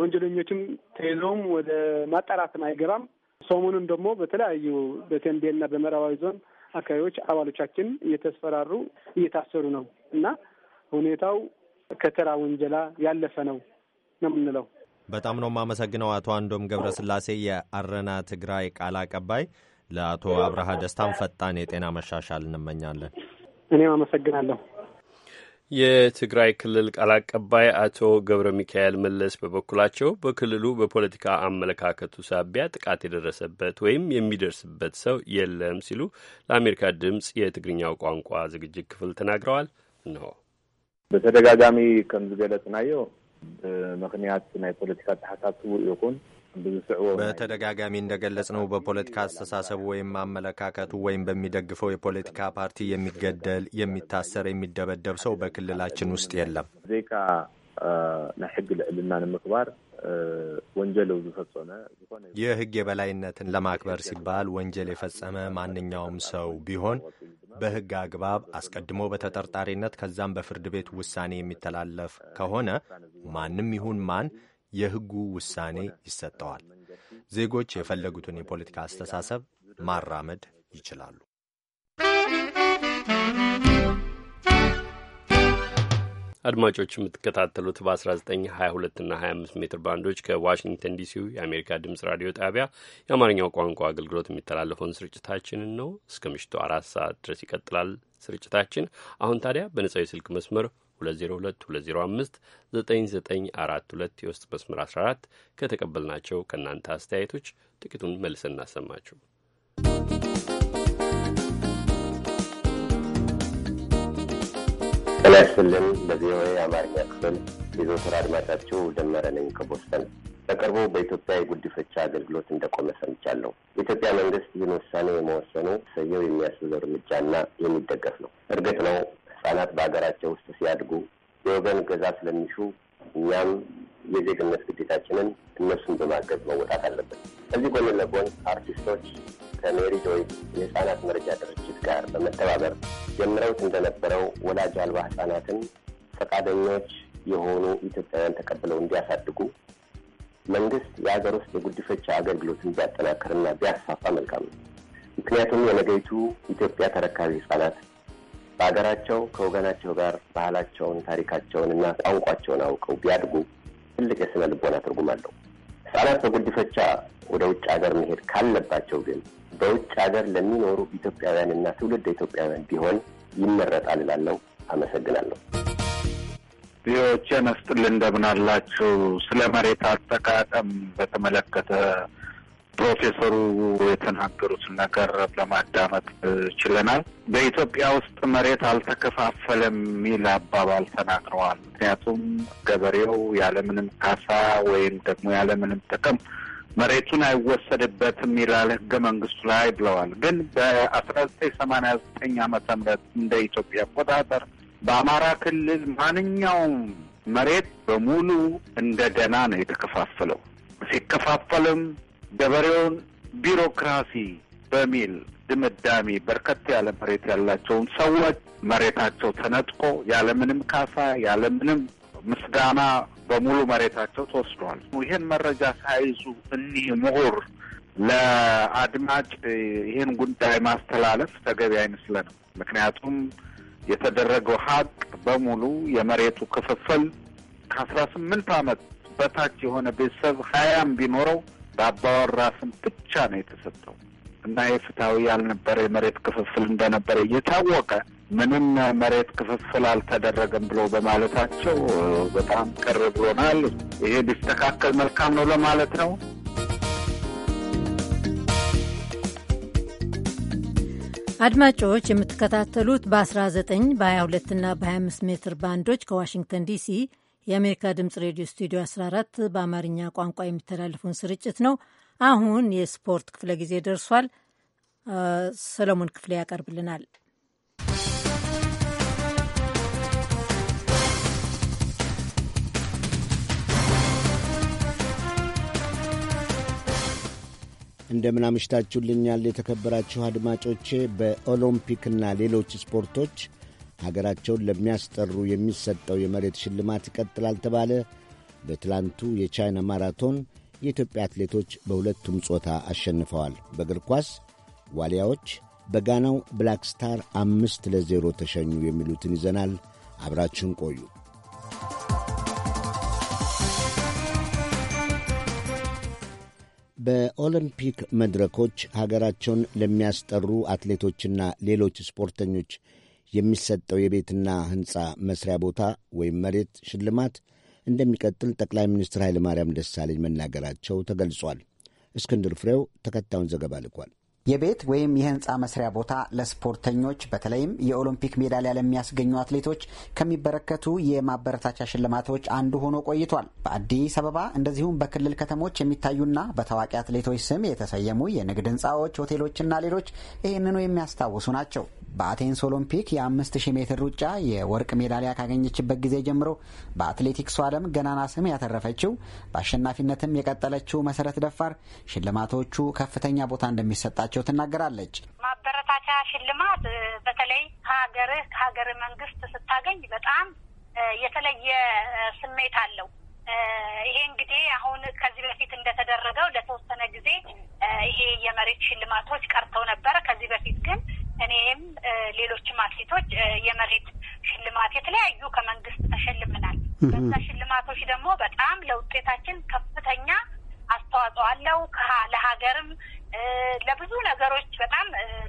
ወንጀለኞችም ተይዘውም ወደ ማጣራትም አይገባም። ሰሞኑን ደግሞ በተለያዩ በተንቤና በምዕራባዊ ዞን አካባቢዎች አባሎቻችን እየተስፈራሩ እየታሰሩ ነው እና ሁኔታው ከተራ ውንጀላ ያለፈ ነው ነው የምንለው። በጣም ነው የማመሰግነው አቶ አንዶም ገብረስላሴ የአረና ትግራይ ቃል አቀባይ። ለአቶ አብርሃ ደስታም ፈጣን የጤና መሻሻል እንመኛለን። እኔም አመሰግናለሁ። የትግራይ ክልል ቃል አቀባይ አቶ ገብረ ሚካኤል መለስ በበኩላቸው በክልሉ በፖለቲካ አመለካከቱ ሳቢያ ጥቃት የደረሰበት ወይም የሚደርስበት ሰው የለም ሲሉ ለአሜሪካ ድምፅ የትግርኛው ቋንቋ ዝግጅት ክፍል ተናግረዋል። እንሆ በተደጋጋሚ ናየው ምክንያት ናይ ፖለቲካ ተሓሳስቡ ይኹን በተደጋጋሚ እንደገለጽ ነው በፖለቲካ አስተሳሰቡ ወይም አመለካከቱ ወይም በሚደግፈው የፖለቲካ ፓርቲ የሚገደል፣ የሚታሰር፣ የሚደበደብ ሰው በክልላችን ውስጥ የለም። ዜካ ናይ ሕጊ ልዕልና ንምክባር ወንጀል ዝፈጸመ የሕግ የበላይነትን ለማክበር ሲባል ወንጀል የፈጸመ ማንኛውም ሰው ቢሆን በሕግ አግባብ አስቀድሞ በተጠርጣሪነት ከዛም በፍርድ ቤት ውሳኔ የሚተላለፍ ከሆነ ማንም ይሁን ማን የሕጉ ውሳኔ ይሰጠዋል። ዜጎች የፈለጉትን የፖለቲካ አስተሳሰብ ማራመድ ይችላሉ። አድማጮች የምትከታተሉት በ1922 እና 25 ሜትር ባንዶች ከዋሽንግተን ዲሲው የአሜሪካ ድምጽ ራዲዮ ጣቢያ የአማርኛው ቋንቋ አገልግሎት የሚተላለፈውን ስርጭታችንን ነው። እስከ ምሽቱ አራት ሰዓት ድረስ ይቀጥላል ስርጭታችን። አሁን ታዲያ በነጻው የስልክ መስመር 2022059942 የውስጥ መስመር 14 ከተቀበልናቸው ከእናንተ አስተያየቶች ጥቂቱን መልሰን እናሰማችሁ። ጤና ይስጥልን። በቪኦኤ አማርኛ ክፍል የዘወትር አድማጫችሁ ደመረ ነኝ ከቦስተን። በቅርቡ በኢትዮጵያ የጉዲፈቻ አገልግሎት እንደቆመ ሰምቻለሁ። የኢትዮጵያ መንግስት ይህን ውሳኔ የመወሰኑ ሰየው የሚያስብለው እርምጃና የሚደገፍ ነው። እርግጥ ነው ህጻናት በሀገራቸው ውስጥ ሲያድጉ የወገን ገዛ ስለሚሹ እኛም የዜግነት ግዴታችንን እነሱን በማገዝ መወጣት አለብን። ከዚህ ጎን ለጎን አርቲስቶች ከሜሪ ጆይ የህፃናት መረጃ ድርጅት ጋር በመተባበር ጀምረውት እንደነበረው ወላጅ አልባ ህፃናትን ፈቃደኞች የሆኑ ኢትዮጵያውያን ተቀብለው እንዲያሳድጉ መንግስት የሀገር ውስጥ የጉድፈቻ አገልግሎትን ቢያጠናክርና ቢያስፋፋ መልካም ነው። ምክንያቱም የነገይቱ ኢትዮጵያ ተረካቢ ህጻናት በሀገራቸው ከወገናቸው ጋር ባህላቸውን፣ ታሪካቸውን እና ቋንቋቸውን አውቀው ቢያድጉ ትልቅ የስነ ልቦና ትርጉም አለው። ህጻናት በጉድፈቻ ወደ ውጭ ሀገር መሄድ ካለባቸው ግን በውጭ ሀገር ለሚኖሩ ኢትዮጵያውያን እና ትውልድ ኢትዮጵያውያን ቢሆን ይመረጣል እላለሁ። አመሰግናለሁ። ቪዎች ነስጥል እንደምናላችሁ ስለ መሬት አጠቃቀም በተመለከተ ፕሮፌሰሩ የተናገሩትን ነገር ለማዳመጥ ችለናል። በኢትዮጵያ ውስጥ መሬት አልተከፋፈለም የሚል አባባል ተናግረዋል። ምክንያቱም ገበሬው ያለምንም ካሳ ወይም ደግሞ ያለምንም ጥቅም መሬቱን አይወሰድበትም ይላል ህገ መንግስቱ ላይ ብለዋል። ግን በአስራ ዘጠኝ ሰማንያ ዘጠኝ ዓመተ ምህረት እንደ ኢትዮጵያ አቆጣጠር በአማራ ክልል ማንኛውም መሬት በሙሉ እንደገና ነው የተከፋፈለው። ሲከፋፈልም ገበሬውን ቢሮክራሲ በሚል ድምዳሜ በርከት ያለ መሬት ያላቸውን ሰዎች መሬታቸው ተነጥቆ ያለምንም ካሳ ያለምንም ምስጋና በሙሉ መሬታቸው ተወስዷል። ይህን መረጃ ሳይዙ እኒህ ምሁር ለአድማጭ ይህን ጉዳይ ማስተላለፍ ተገቢ አይመስለንም። ምክንያቱም የተደረገው ሀቅ በሙሉ የመሬቱ ክፍፍል ከአስራ ስምንት ዓመት በታች የሆነ ቤተሰብ ሀያም ቢኖረው በአባወራ ስም ብቻ ነው የተሰጠው እና የፍትሐዊ ያልነበረ የመሬት ክፍፍል እንደነበረ እየታወቀ ምንም መሬት ክፍፍል አልተደረገም ብሎ በማለታቸው በጣም ቅር ብሎናል። ይሄ ቢስተካከል መልካም ነው ለማለት ነው። አድማጮች የምትከታተሉት በ19 በ22 እና በ25 ሜትር ባንዶች ከዋሽንግተን ዲሲ የአሜሪካ ድምጽ ሬዲዮ ስቱዲዮ 14 በአማርኛ ቋንቋ የሚተላለፈውን ስርጭት ነው። አሁን የስፖርት ክፍለ ጊዜ ደርሷል። ሰለሞን ክፍሌ ያቀርብልናል። እንደምን አምሽታችሁልኛል የተከበራችሁ አድማጮቼ። በኦሎምፒክና ሌሎች ስፖርቶች ሀገራቸውን ለሚያስጠሩ የሚሰጠው የመሬት ሽልማት ይቀጥላል ተባለ። በትላንቱ የቻይና ማራቶን የኢትዮጵያ አትሌቶች በሁለቱም ጾታ አሸንፈዋል። በእግር ኳስ ዋልያዎች በጋናው ብላክ ስታር አምስት ለዜሮ ተሸኙ። የሚሉትን ይዘናል። አብራችሁን ቆዩ። በኦሎምፒክ መድረኮች ሀገራቸውን ለሚያስጠሩ አትሌቶችና ሌሎች ስፖርተኞች የሚሰጠው የቤትና ሕንፃ መስሪያ ቦታ ወይም መሬት ሽልማት እንደሚቀጥል ጠቅላይ ሚኒስትር ኃይለማርያም ደሳለኝ መናገራቸው ተገልጿል። እስክንድር ፍሬው ተከታዩን ዘገባ ልኳል። የቤት ወይም የህንፃ መስሪያ ቦታ ለስፖርተኞች በተለይም የኦሎምፒክ ሜዳሊያ ለሚያስገኙ አትሌቶች ከሚበረከቱ የማበረታቻ ሽልማቶች አንዱ ሆኖ ቆይቷል። በአዲስ አበባ እንደዚሁም በክልል ከተሞች የሚታዩና በታዋቂ አትሌቶች ስም የተሰየሙ የንግድ ህንፃዎች፣ ሆቴሎችና ሌሎች ይህንኑ የሚያስታውሱ ናቸው። በአቴንስ ኦሎምፒክ የ5000 ሜትር ሩጫ የወርቅ ሜዳሊያ ካገኘችበት ጊዜ ጀምሮ በአትሌቲክሱ ዓለም ገናና ስም ያተረፈችው በአሸናፊነትም የቀጠለችው መሰረት ደፋር ሽልማቶቹ ከፍተኛ ቦታ እንደሚሰጣቸው ትናገራለች። ማበረታቻ ሽልማት በተለይ ከሀገርህ ከሀገር መንግስት ስታገኝ በጣም የተለየ ስሜት አለው። ይሄ እንግዲህ አሁን ከዚህ በፊት እንደተደረገው ለተወሰነ ጊዜ ይሄ የመሬት ሽልማቶች ቀርተው ነበረ። ከዚህ በፊት ግን እኔም ሌሎችም አትሌቶች የመሬት ሽልማት የተለያዩ ከመንግስት ተሸልምናል። በዛ ሽልማቶች ደግሞ በጣም ለውጤታችን ከፍተኛ አስተዋጽኦ አለው። ለሀገርም ለብዙ ነገሮች በጣም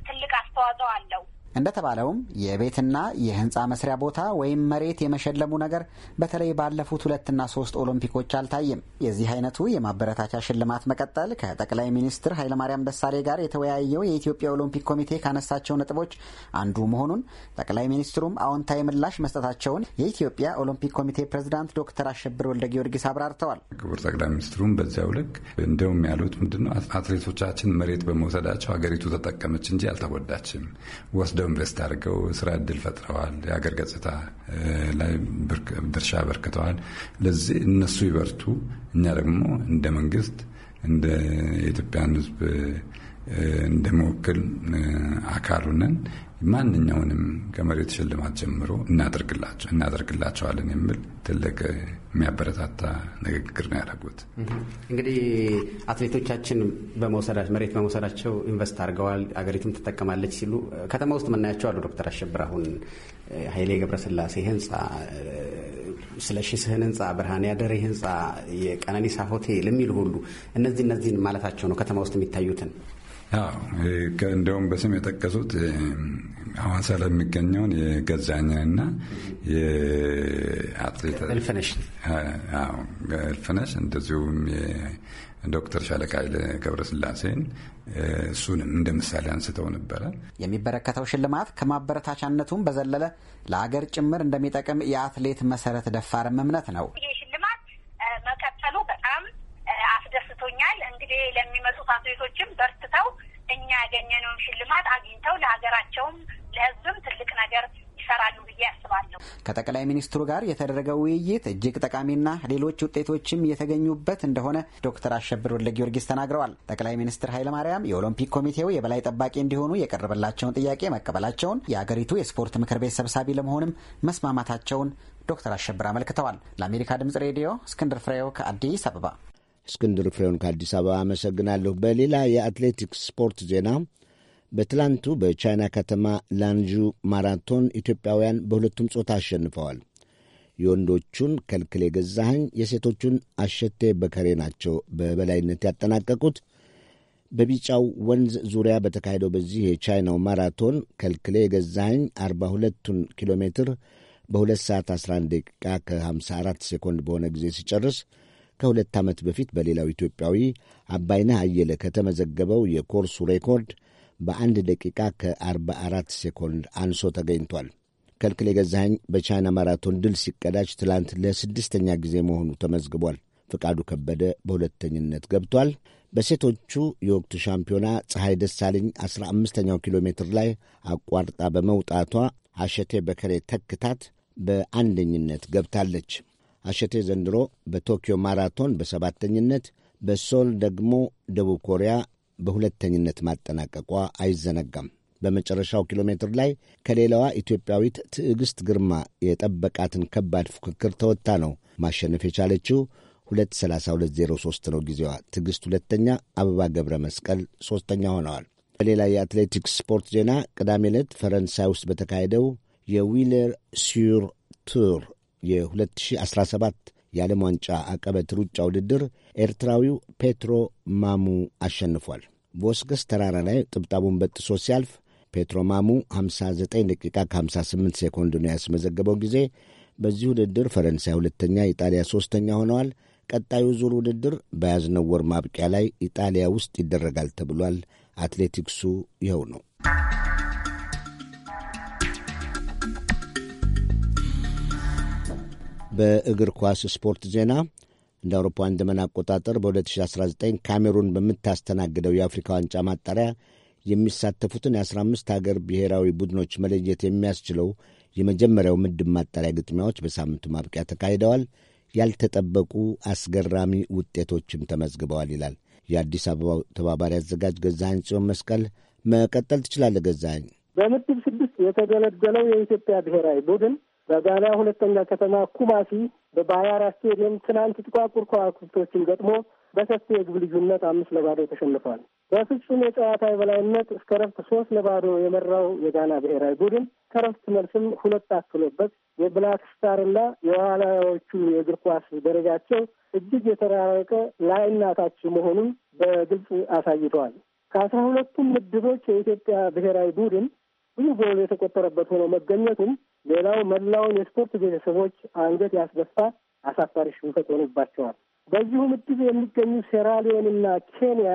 ትልቅ አስተዋጽኦ አለው። እንደተባለውም የቤትና የህንፃ መስሪያ ቦታ ወይም መሬት የመሸለሙ ነገር በተለይ ባለፉት ሁለትና ሶስት ኦሎምፒኮች አልታይም። የዚህ አይነቱ የማበረታቻ ሽልማት መቀጠል ከጠቅላይ ሚኒስትር ኃይለማርያም ደሳሌ ጋር የተወያየው የኢትዮጵያ ኦሎምፒክ ኮሚቴ ካነሳቸው ነጥቦች አንዱ መሆኑን ጠቅላይ ሚኒስትሩም አዎንታዊ ምላሽ መስጠታቸውን የኢትዮጵያ ኦሎምፒክ ኮሚቴ ፕሬዝዳንት ዶክተር አሸብር ወልደ ጊዮርጊስ አብራርተዋል። ክቡር ጠቅላይ ሚኒስትሩም በዚያው ልክ እንደውም ያሉት ምንድነው አትሌቶቻችን መሬት በመውሰዳቸው ሀገሪቱ ተጠቀመች እንጂ አልተጎዳችም ወስደው ኢንቨስት አድርገው ስራ እድል ፈጥረዋል። የሀገር ገጽታ ላይ ድርሻ አበርክተዋል። ለዚህ እነሱ ይበርቱ፣ እኛ ደግሞ እንደ መንግስት እንደ የኢትዮጵያን ህዝብ አካሉ አካሉንን ማንኛውንም ከመሬት ሽልማት ጀምሮ እናደርግላቸዋለን የሚል ትልቅ የሚያበረታታ ንግግር ነው ያደረጉት። እንግዲህ አትሌቶቻችን መሬት በመውሰዳቸው ኢንቨስት አድርገዋል፣ አገሪቱም ትጠቀማለች ሲሉ ከተማ ውስጥ የምናያቸው አሉ። ዶክተር አሸብር አሁን ኃይሌ ገብረስላሴ ህንፃ፣ ስለሺ ስህን ህንፃ፣ ብርሃን ያደሬ ህንፃ፣ የቀነኒሳ ሆቴል የሚሉ ሁሉ እነዚህ እነዚህን ማለታቸው ነው ከተማ ውስጥ የሚታዩትን እንደውም በስም የጠቀሱት ሐዋሳ ላይ የሚገኘውን የገዛኝንና እልፍነሽ እንደዚሁም ዶክተር ሻለቃ ኃይለ ገብረስላሴን እሱንም እንደ ምሳሌ አንስተው ነበረ። የሚበረከተው ሽልማት ከማበረታቻነቱም በዘለለ ለአገር ጭምር እንደሚጠቅም የአትሌት መሰረት ደፋርም እምነት ነው። ይህ ሽልማት መቀጠሉ በጣም አስደስቶኛል። እንግዲህ ለሚመጡት አትሌቶችም በርትተው እኛ ያገኘነውን ሽልማት አግኝተው ለሀገራቸውም ለሕዝብም ትልቅ ነገር ይሰራሉ ብዬ አስባለሁ። ከጠቅላይ ሚኒስትሩ ጋር የተደረገው ውይይት እጅግ ጠቃሚና ሌሎች ውጤቶችም የተገኙበት እንደሆነ ዶክተር አሸብር ወልደ ጊዮርጊስ ተናግረዋል። ጠቅላይ ሚኒስትር ኃይለማርያም የኦሎምፒክ ኮሚቴው የበላይ ጠባቂ እንዲሆኑ የቀረበላቸውን ጥያቄ መቀበላቸውን፣ የአገሪቱ የስፖርት ምክር ቤት ሰብሳቢ ለመሆንም መስማማታቸውን ዶክተር አሸብር አመልክተዋል። ለአሜሪካ ድምጽ ሬዲዮ እስክንድር ፍሬው ከአዲስ አበባ እስክንድር ፍሬውን ከአዲስ አበባ አመሰግናለሁ። በሌላ የአትሌቲክስ ስፖርት ዜና በትላንቱ በቻይና ከተማ ላንዡ ማራቶን ኢትዮጵያውያን በሁለቱም ጾታ አሸንፈዋል። የወንዶቹን ከልክሌ ገዛኸኝ፣ የሴቶቹን አሸቴ በከሬ ናቸው በበላይነት ያጠናቀቁት። በቢጫው ወንዝ ዙሪያ በተካሄደው በዚህ የቻይናው ማራቶን ከልክሌ የገዛኸኝ 42ቱን ኪሎ ሜትር በ2 ሰዓት 11 ደቂቃ ከ54 ሴኮንድ በሆነ ጊዜ ሲጨርስ ከሁለት ዓመት በፊት በሌላው ኢትዮጵያዊ አባይነህ አየለ ከተመዘገበው የኮርሱ ሬኮርድ በአንድ ደቂቃ ከ44 ሴኮንድ አንሶ ተገኝቷል። ከልክሌ ገዛኸኝ በቻይና ማራቶን ድል ሲቀዳጅ ትላንት ለስድስተኛ ጊዜ መሆኑ ተመዝግቧል። ፍቃዱ ከበደ በሁለተኝነት ገብቷል። በሴቶቹ የወቅቱ ሻምፒዮና ፀሐይ ደሳለኝ 15ኛው ኪሎ ሜትር ላይ አቋርጣ በመውጣቷ አሸቴ በከሬ ተክታት በአንደኝነት ገብታለች። አሸቴ ዘንድሮ በቶኪዮ ማራቶን በሰባተኝነት በሶል ደግሞ ደቡብ ኮሪያ በሁለተኝነት ማጠናቀቋ አይዘነጋም። በመጨረሻው ኪሎ ሜትር ላይ ከሌላዋ ኢትዮጵያዊት ትዕግሥት ግርማ የጠበቃትን ከባድ ፉክክር ተወጥታ ነው ማሸነፍ የቻለችው። 23203 ነው ጊዜዋ። ትዕግሥት ሁለተኛ፣ አበባ ገብረ መስቀል ሦስተኛ ሆነዋል። በሌላ የአትሌቲክስ ስፖርት ዜና ቅዳሜ ዕለት ፈረንሳይ ውስጥ በተካሄደው የዊለር ሲዩር ቱር የ2017 የዓለም ዋንጫ አቀበት ሩጫ ውድድር ኤርትራዊው ፔትሮ ማሙ አሸንፏል። ቦስገስ ተራራ ላይ ጥብጣቡን በጥሶ ሲያልፍ ፔትሮ ማሙ 59 ደቂቃ ከ58 ሴኮንድ ነው ያስመዘገበው ጊዜ። በዚህ ውድድር ፈረንሳይ ሁለተኛ፣ ኢጣሊያ ሦስተኛ ሆነዋል። ቀጣዩ ዙር ውድድር በያዝነው ወር ማብቂያ ላይ ኢጣሊያ ውስጥ ይደረጋል ተብሏል። አትሌቲክሱ ይኸው ነው። በእግር ኳስ ስፖርት ዜና እንደ አውሮፓውያን ዘመን አቆጣጠር በ2019 ካሜሩን በምታስተናግደው የአፍሪካ ዋንጫ ማጣሪያ የሚሳተፉትን የ15 ሀገር ብሔራዊ ቡድኖች መለየት የሚያስችለው የመጀመሪያው ምድብ ማጣሪያ ግጥሚያዎች በሳምንቱ ማብቂያ ተካሂደዋል። ያልተጠበቁ አስገራሚ ውጤቶችም ተመዝግበዋል ይላል የአዲስ አበባው ተባባሪ አዘጋጅ ገዛኸኝ ጽዮን መስቀል። መቀጠል ትችላለህ ገዛኸኝ። በምድብ ስድስት የተገለገለው የኢትዮጵያ ብሔራዊ ቡድን በጋና ሁለተኛ ከተማ ኩማሲ በባያራ ስቴዲየም ትናንት ጥቋቁር ከዋክብቶችን ገጥሞ በሰፊ የግብ ልዩነት አምስት ለባዶ ተሸንፏል። በፍጹም የጨዋታ የበላይነት እስከ ረፍት ሶስት ለባዶ የመራው የጋና ብሔራዊ ቡድን ከረፍት መልስም ሁለት አክሎበት የብላክ ስታርና የኋላዎቹ የእግር ኳስ ደረጃቸው እጅግ የተራራቀ ላይና ታች መሆኑን በግልጽ አሳይተዋል። ከአስራ ሁለቱም ምድቦች የኢትዮጵያ ብሔራዊ ቡድን ብዙ ጎል የተቆጠረበት ሆኖ መገኘቱም ሌላው መላውን የስፖርት ቤተሰቦች አንገት ያስደፋ አሳፋሪ ሽንፈት ሆኑባቸዋል። በዚሁ ምድብ የሚገኙ ሴራሊዮንና ኬንያ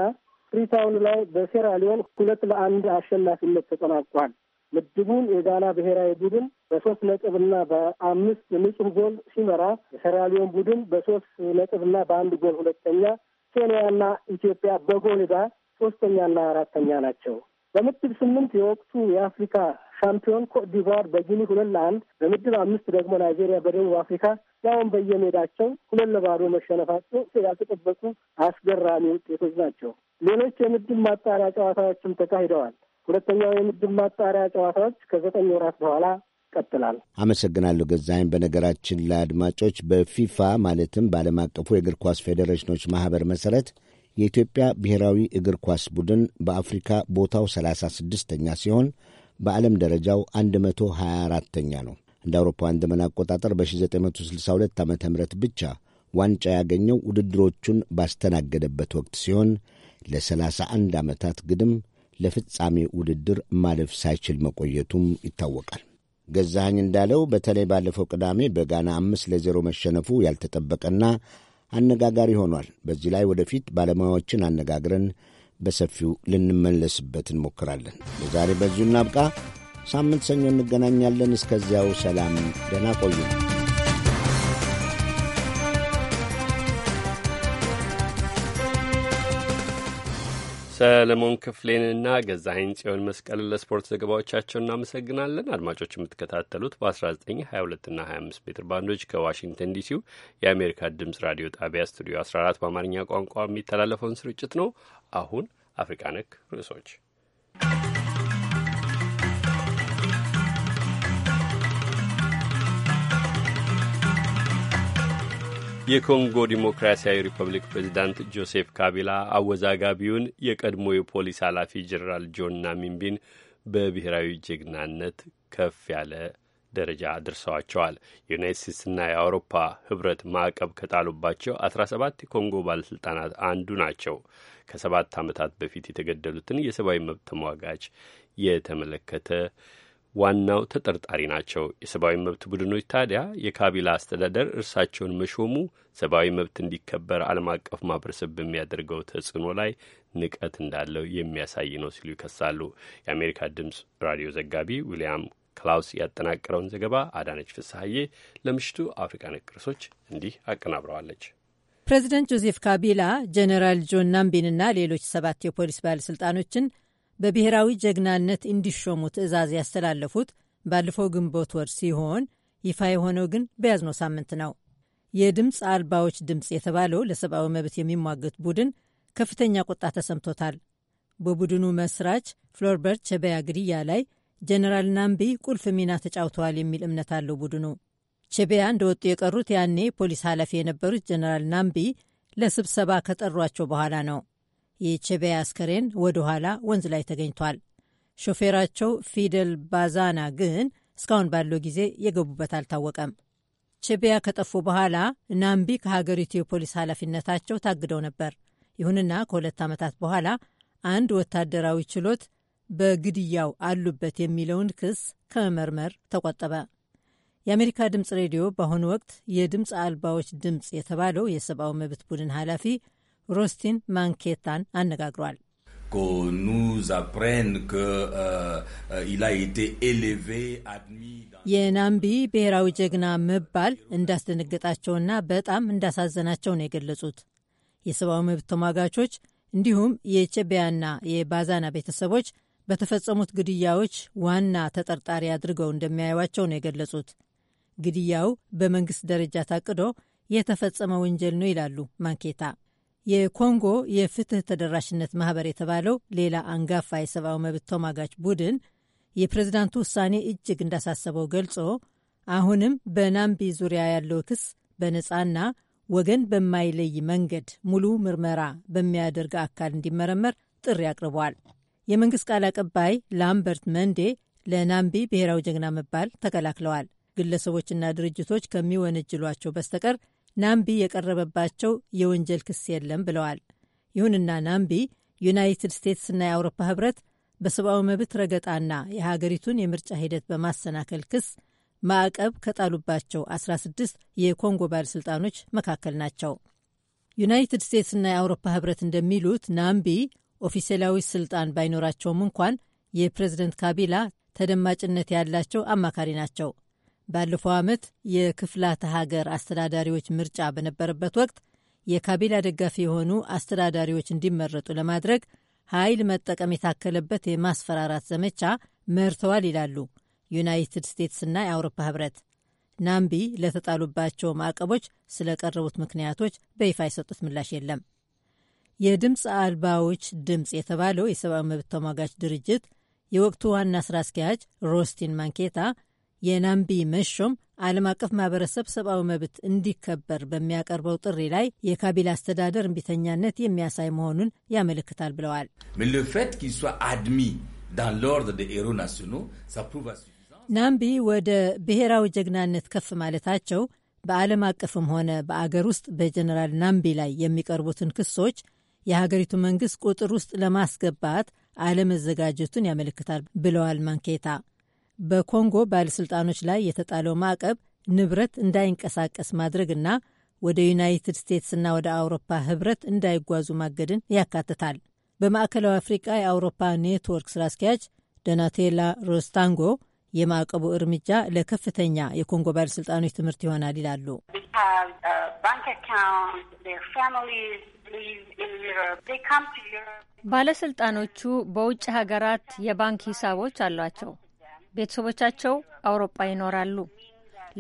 ፍሪታውን ላይ በሴራሊዮን ሁለት ለአንድ አሸናፊነት ተጠናቋል። ምድቡን የጋና ብሔራዊ ቡድን በሶስት ነጥብና በአምስት ንጹህ ጎል ሲመራ የሴራሊዮን ቡድን በሶስት ነጥብና በአንድ ጎል ሁለተኛ፣ ኬንያና ኢትዮጵያ በጎል ዕዳ ሶስተኛና አራተኛ ናቸው። በምድብ ስምንት የወቅቱ የአፍሪካ ሻምፒዮን ኮትዲቫር በጊኒ ሁለት ለአንድ በምድብ አምስት ደግሞ ናይጄሪያ በደቡብ አፍሪካ ያውን በየሜዳቸው ሁለት ለባዶ መሸነፋቸው ያልተጠበቁ አስገራሚ ውጤቶች ናቸው። ሌሎች የምድብ ማጣሪያ ጨዋታዎችም ተካሂደዋል። ሁለተኛው የምድብ ማጣሪያ ጨዋታዎች ከዘጠኝ ወራት በኋላ ይቀጥላል። አመሰግናለሁ ገዛኸኝ። በነገራችን ለአድማጮች በፊፋ ማለትም በዓለም አቀፉ የእግር ኳስ ፌዴሬሽኖች ማህበር መሰረት የኢትዮጵያ ብሔራዊ እግር ኳስ ቡድን በአፍሪካ ቦታው 36ኛ ሲሆን በዓለም ደረጃው 124ኛ ነው። እንደ አውሮፓውያን ዘመን አቆጣጠር በ1962 ዓ ም ብቻ ዋንጫ ያገኘው ውድድሮቹን ባስተናገደበት ወቅት ሲሆን ለ31 ዓመታት ግድም ለፍጻሜ ውድድር ማለፍ ሳይችል መቆየቱም ይታወቃል። ገዛኸኝ እንዳለው በተለይ ባለፈው ቅዳሜ በጋና አምስት ለዜሮ መሸነፉ ያልተጠበቀና አነጋጋሪ ሆኗል። በዚህ ላይ ወደፊት ባለሙያዎችን አነጋግረን በሰፊው ልንመለስበት እንሞክራለን። ለዛሬ በዚሁ እናብቃ። ሳምንት ሰኞ እንገናኛለን። እስከዚያው ሰላም፣ ደህና ቆዩ። ሰለሞን ክፍሌንና ገዛኸኝ ጽዮን መስቀልን ለስፖርት ዘገባዎቻቸው እናመሰግናለን። አድማጮች የምትከታተሉት በ1922 እና 25 ሜትር ባንዶች ከዋሽንግተን ዲሲው የአሜሪካ ድምፅ ራዲዮ ጣቢያ ስቱዲዮ 14 በአማርኛ ቋንቋ የሚተላለፈውን ስርጭት ነው። አሁን አፍሪቃ ነክ ርዕሶች የኮንጎ ዲሞክራሲያዊ ሪፐብሊክ ፕሬዚዳንት ጆሴፍ ካቢላ አወዛጋቢውን የቀድሞ የፖሊስ ኃላፊ ጀኔራል ጆን ናሚምቢን በብሔራዊ ጀግናነት ከፍ ያለ ደረጃ አድርሰዋቸዋል። የዩናይት ስቴትስና የአውሮፓ ህብረት ማዕቀብ ከጣሉባቸው 17 የኮንጎ ባለሥልጣናት አንዱ ናቸው። ከሰባት ዓመታት በፊት የተገደሉትን የሰብአዊ መብት ተሟጋች የተመለከተ ዋናው ተጠርጣሪ ናቸው። የሰብአዊ መብት ቡድኖች ታዲያ የካቢላ አስተዳደር እርሳቸውን መሾሙ ሰብአዊ መብት እንዲከበር ዓለም አቀፍ ማህበረሰብ በሚያደርገው ተጽዕኖ ላይ ንቀት እንዳለው የሚያሳይ ነው ሲሉ ይከሳሉ። የአሜሪካ ድምፅ ራዲዮ ዘጋቢ ዊልያም ክላውስ ያጠናቀረውን ዘገባ አዳነች ፍስሐዬ ለምሽቱ አፍሪካ ነክርሶች እንዲህ አቀናብረዋለች። ፕሬዚደንት ጆዜፍ ካቢላ ጀኔራል ጆን ናምቢንና ሌሎች ሰባት የፖሊስ ባለሥልጣኖችን በብሔራዊ ጀግናነት እንዲሾሙ ትዕዛዝ ያስተላለፉት ባለፈው ግንቦት ወር ሲሆን ይፋ የሆነው ግን በያዝነው ሳምንት ነው። የድምፅ አልባዎች ድምፅ የተባለው ለሰብአዊ መብት የሚሟገት ቡድን ከፍተኛ ቁጣ ተሰምቶታል። በቡድኑ መስራች ፍሎርበርት ቸበያ ግድያ ላይ ጀነራል ናምቢ ቁልፍ ሚና ተጫውተዋል የሚል እምነት አለው ቡድኑ። ቸበያ እንደወጡ የቀሩት ያኔ ፖሊስ ኃላፊ የነበሩት ጀነራል ናምቢ ለስብሰባ ከጠሯቸው በኋላ ነው። የቼቤያ አስከሬን ወደ ኋላ ወንዝ ላይ ተገኝቷል። ሾፌራቸው ፊደል ባዛና ግን እስካሁን ባለው ጊዜ የገቡበት አልታወቀም። ቼቤያ ከጠፉ በኋላ ናምቢ ከሀገሪቱ የፖሊስ ኃላፊነታቸው ታግደው ነበር። ይሁንና ከሁለት ዓመታት በኋላ አንድ ወታደራዊ ችሎት በግድያው አሉበት የሚለውን ክስ ከመመርመር ተቆጠበ። የአሜሪካ ድምፅ ሬዲዮ በአሁኑ ወቅት የድምፅ አልባዎች ድምፅ የተባለው የሰብአዊ መብት ቡድን ኃላፊ ሮስቲን ማንኬታን አነጋግሯል። euh, የናምቢ ብሔራዊ ጀግና መባል እንዳስደነገጣቸውና በጣም እንዳሳዘናቸው ነው የገለጹት። የሰብአዊ መብት ተሟጋቾች እንዲሁም የቼቢያና የባዛና ቤተሰቦች በተፈጸሙት ግድያዎች ዋና ተጠርጣሪ አድርገው እንደሚያዩቸው ነው የገለጹት። ግድያው በመንግስት ደረጃ ታቅዶ የተፈጸመ ወንጀል ነው ይላሉ ማንኬታ። የኮንጎ የፍትህ ተደራሽነት ማህበር የተባለው ሌላ አንጋፋ የሰብአዊ መብት ተሟጋች ቡድን የፕሬዝዳንቱ ውሳኔ እጅግ እንዳሳሰበው ገልጾ አሁንም በናምቢ ዙሪያ ያለው ክስ በነፃና ወገን በማይለይ መንገድ ሙሉ ምርመራ በሚያደርግ አካል እንዲመረመር ጥሪ አቅርቧል። የመንግሥት ቃል አቀባይ ላምበርት መንዴ ለናምቢ ብሔራዊ ጀግና መባል ተከላክለዋል። ግለሰቦችና ድርጅቶች ከሚወነጅሏቸው በስተቀር ናምቢ የቀረበባቸው የወንጀል ክስ የለም ብለዋል። ይሁንና ናምቢ ዩናይትድ ስቴትስና የአውሮፓ ህብረት በሰብአዊ መብት ረገጣና የሀገሪቱን የምርጫ ሂደት በማሰናከል ክስ ማዕቀብ ከጣሉባቸው 16 የኮንጎ ባለሥልጣኖች መካከል ናቸው። ዩናይትድ ስቴትስና የአውሮፓ ህብረት እንደሚሉት ናምቢ ኦፊሴላዊ ስልጣን ባይኖራቸውም እንኳን የፕሬዝደንት ካቢላ ተደማጭነት ያላቸው አማካሪ ናቸው። ባለፈው ዓመት የክፍላተ ሀገር አስተዳዳሪዎች ምርጫ በነበረበት ወቅት የካቢላ ደጋፊ የሆኑ አስተዳዳሪዎች እንዲመረጡ ለማድረግ ኃይል መጠቀም የታከለበት የማስፈራራት ዘመቻ መርተዋል ይላሉ ዩናይትድ ስቴትስና የአውሮፓ ህብረት። ናምቢ ለተጣሉባቸው ማዕቀቦች ስለቀረቡት ምክንያቶች በይፋ የሰጡት ምላሽ የለም። የድምፅ አልባዎች ድምፅ የተባለው የሰብአዊ መብት ተሟጋች ድርጅት የወቅቱ ዋና ስራ አስኪያጅ ሮስቲን ማንኬታ የናምቢ መሾም ዓለም አቀፍ ማህበረሰብ ሰብአዊ መብት እንዲከበር በሚያቀርበው ጥሪ ላይ የካቢላ አስተዳደር እምቢተኛነት የሚያሳይ መሆኑን ያመለክታል ብለዋል። ናምቢ ወደ ብሔራዊ ጀግናነት ከፍ ማለታቸው በዓለም አቀፍም ሆነ በአገር ውስጥ በጀነራል ናምቢ ላይ የሚቀርቡትን ክሶች የሀገሪቱ መንግስት ቁጥር ውስጥ ለማስገባት አለመዘጋጀቱን ያመለክታል ብለዋል ማንኬታ። በኮንጎ ባለሥልጣኖች ላይ የተጣለው ማዕቀብ ንብረት እንዳይንቀሳቀስ ማድረግና ወደ ዩናይትድ ስቴትስና ወደ አውሮፓ ህብረት እንዳይጓዙ ማገድን ያካትታል። በማዕከላዊ አፍሪቃ የአውሮፓ ኔትወርክ ስራ አስኪያጅ ዶናቴላ ሮስታንጎ የማዕቀቡ እርምጃ ለከፍተኛ የኮንጎ ባለሥልጣኖች ትምህርት ይሆናል ይላሉ። ባለሥልጣኖቹ በውጭ ሀገራት የባንክ ሂሳቦች አሏቸው። ቤተሰቦቻቸው አውሮፓ ይኖራሉ።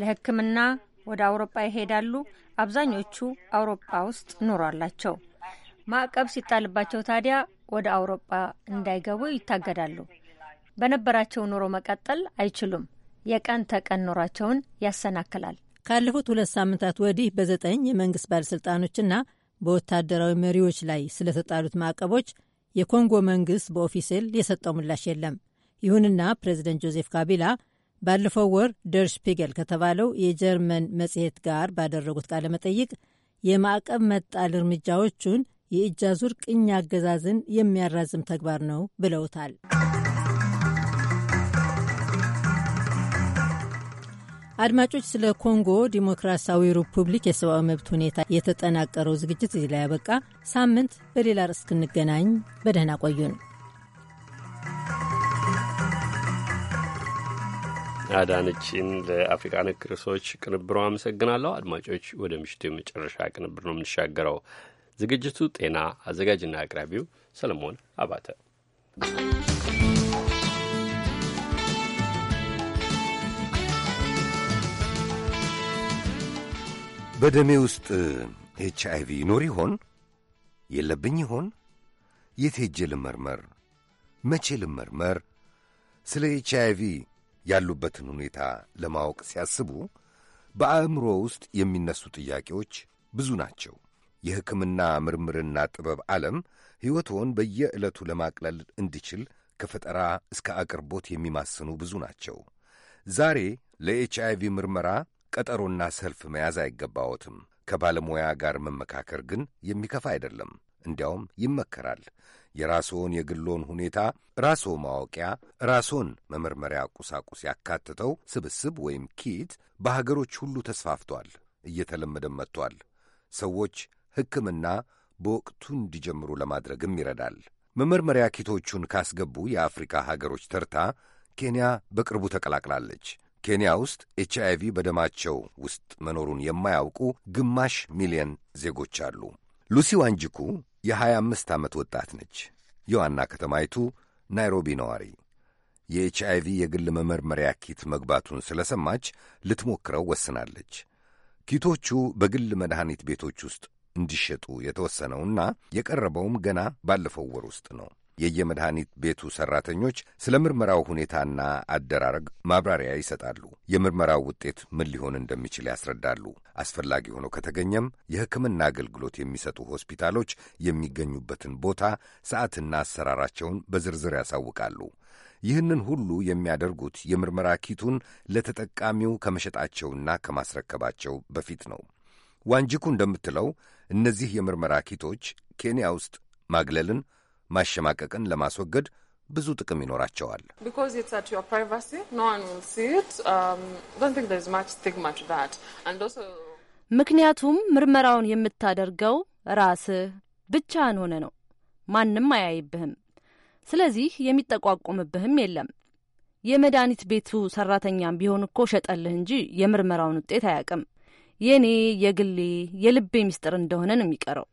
ለሕክምና ወደ አውሮፓ ይሄዳሉ። አብዛኞቹ አውሮፓ ውስጥ ኑሮ አላቸው። ማዕቀብ ሲጣልባቸው ታዲያ ወደ አውሮፓ እንዳይገቡ ይታገዳሉ። በነበራቸው ኑሮ መቀጠል አይችሉም። የቀን ተቀን ኑሯቸውን ያሰናክላል። ካለፉት ሁለት ሳምንታት ወዲህ በዘጠኝ የመንግስት ባለሥልጣኖችና በወታደራዊ መሪዎች ላይ ስለተጣሉት ማዕቀቦች የኮንጎ መንግስት በኦፊሴል የሰጠው ምላሽ የለም። ይሁንና ፕሬዚደንት ጆዜፍ ካቢላ ባለፈው ወር ደር ሽፒገል ከተባለው የጀርመን መጽሔት ጋር ባደረጉት ቃለ መጠይቅ የማዕቀብ መጣል እርምጃዎቹን የእጅ አዙር ቅኝ አገዛዝን የሚያራዝም ተግባር ነው ብለውታል። አድማጮች፣ ስለ ኮንጎ ዲሞክራሲያዊ ሪፑብሊክ የሰብአዊ መብት ሁኔታ የተጠናቀረው ዝግጅት እዚህ ላይ ያበቃ። ሳምንት በሌላ ርዕስ እስክንገናኝ በደህና ቆዩን። አዳነችን ለአፍሪካ ነክ ርዕሶች ቅንብሮ አመሰግናለሁ። አድማጮች፣ ወደ ምሽቱ የመጨረሻ ቅንብር ነው የምንሻገረው። ዝግጅቱ ጤና፣ አዘጋጅና አቅራቢው ሰለሞን አባተ። በደሜ ውስጥ ኤች አይቪ ይኖር ይሆን? የለብኝ ይሆን? የት ሄጄ ልመርመር? መቼ ልመርመር? ስለ ኤች አይቪ ያሉበትን ሁኔታ ለማወቅ ሲያስቡ በአእምሮ ውስጥ የሚነሱ ጥያቄዎች ብዙ ናቸው። የሕክምና ምርምርና ጥበብ ዓለም ሕይወትዎን በየዕለቱ ለማቅለል እንዲችል ከፈጠራ እስከ አቅርቦት የሚማስኑ ብዙ ናቸው። ዛሬ ለኤች ቪ ምርመራ ቀጠሮና ሰልፍ መያዝ አይገባዎትም። ከባለሙያ ጋር መመካከር ግን የሚከፋ አይደለም፣ እንዲያውም ይመከራል። የራስዎን የግሎን ሁኔታ ራስዎ ማወቂያ ራስዎን መመርመሪያ ቁሳቁስ ያካትተው ስብስብ ወይም ኪት በሀገሮች ሁሉ ተስፋፍቷል፣ እየተለመደም መጥቷል። ሰዎች ሕክምና በወቅቱ እንዲጀምሩ ለማድረግም ይረዳል። መመርመሪያ ኪቶቹን ካስገቡ የአፍሪካ ሀገሮች ተርታ ኬንያ በቅርቡ ተቀላቅላለች። ኬንያ ውስጥ ኤች አይ ቪ በደማቸው ውስጥ መኖሩን የማያውቁ ግማሽ ሚሊየን ዜጎች አሉ። ሉሲ ዋንጅኩ የ25 ዓመት ወጣት ነች። የዋና ከተማይቱ ናይሮቢ ነዋሪ የኤች ቪ የግል መመርመሪያ ኪት መግባቱን ስለሰማች ልትሞክረው ወስናለች። ኪቶቹ በግል መድኃኒት ቤቶች ውስጥ እንዲሸጡ የተወሰነውና የቀረበውም ገና ባለፈው ወር ውስጥ ነው። የየመድኃኒት ቤቱ ሰራተኞች ስለ ምርመራው ሁኔታና አደራረግ ማብራሪያ ይሰጣሉ። የምርመራው ውጤት ምን ሊሆን እንደሚችል ያስረዳሉ። አስፈላጊ ሆኖ ከተገኘም የሕክምና አገልግሎት የሚሰጡ ሆስፒታሎች የሚገኙበትን ቦታ፣ ሰዓትና አሰራራቸውን በዝርዝር ያሳውቃሉ። ይህንን ሁሉ የሚያደርጉት የምርመራ ኪቱን ለተጠቃሚው ከመሸጣቸውና ከማስረከባቸው በፊት ነው። ዋንጅኩ እንደምትለው እነዚህ የምርመራ ኪቶች ኬንያ ውስጥ ማግለልን ማሸማቀቅን ለማስወገድ ብዙ ጥቅም ይኖራቸዋል። um, ምክንያቱም ምርመራውን የምታደርገው ራስህ ብቻህን ሆነ ነው። ማንም አያይብህም። ስለዚህ የሚጠቋቁምብህም የለም። የመድኃኒት ቤቱ ሰራተኛም ቢሆን እኮ ሸጠልህ እንጂ የምርመራውን ውጤት አያውቅም። የእኔ የግሌ የልቤ ምስጢር እንደሆነ ነው የሚቀረው።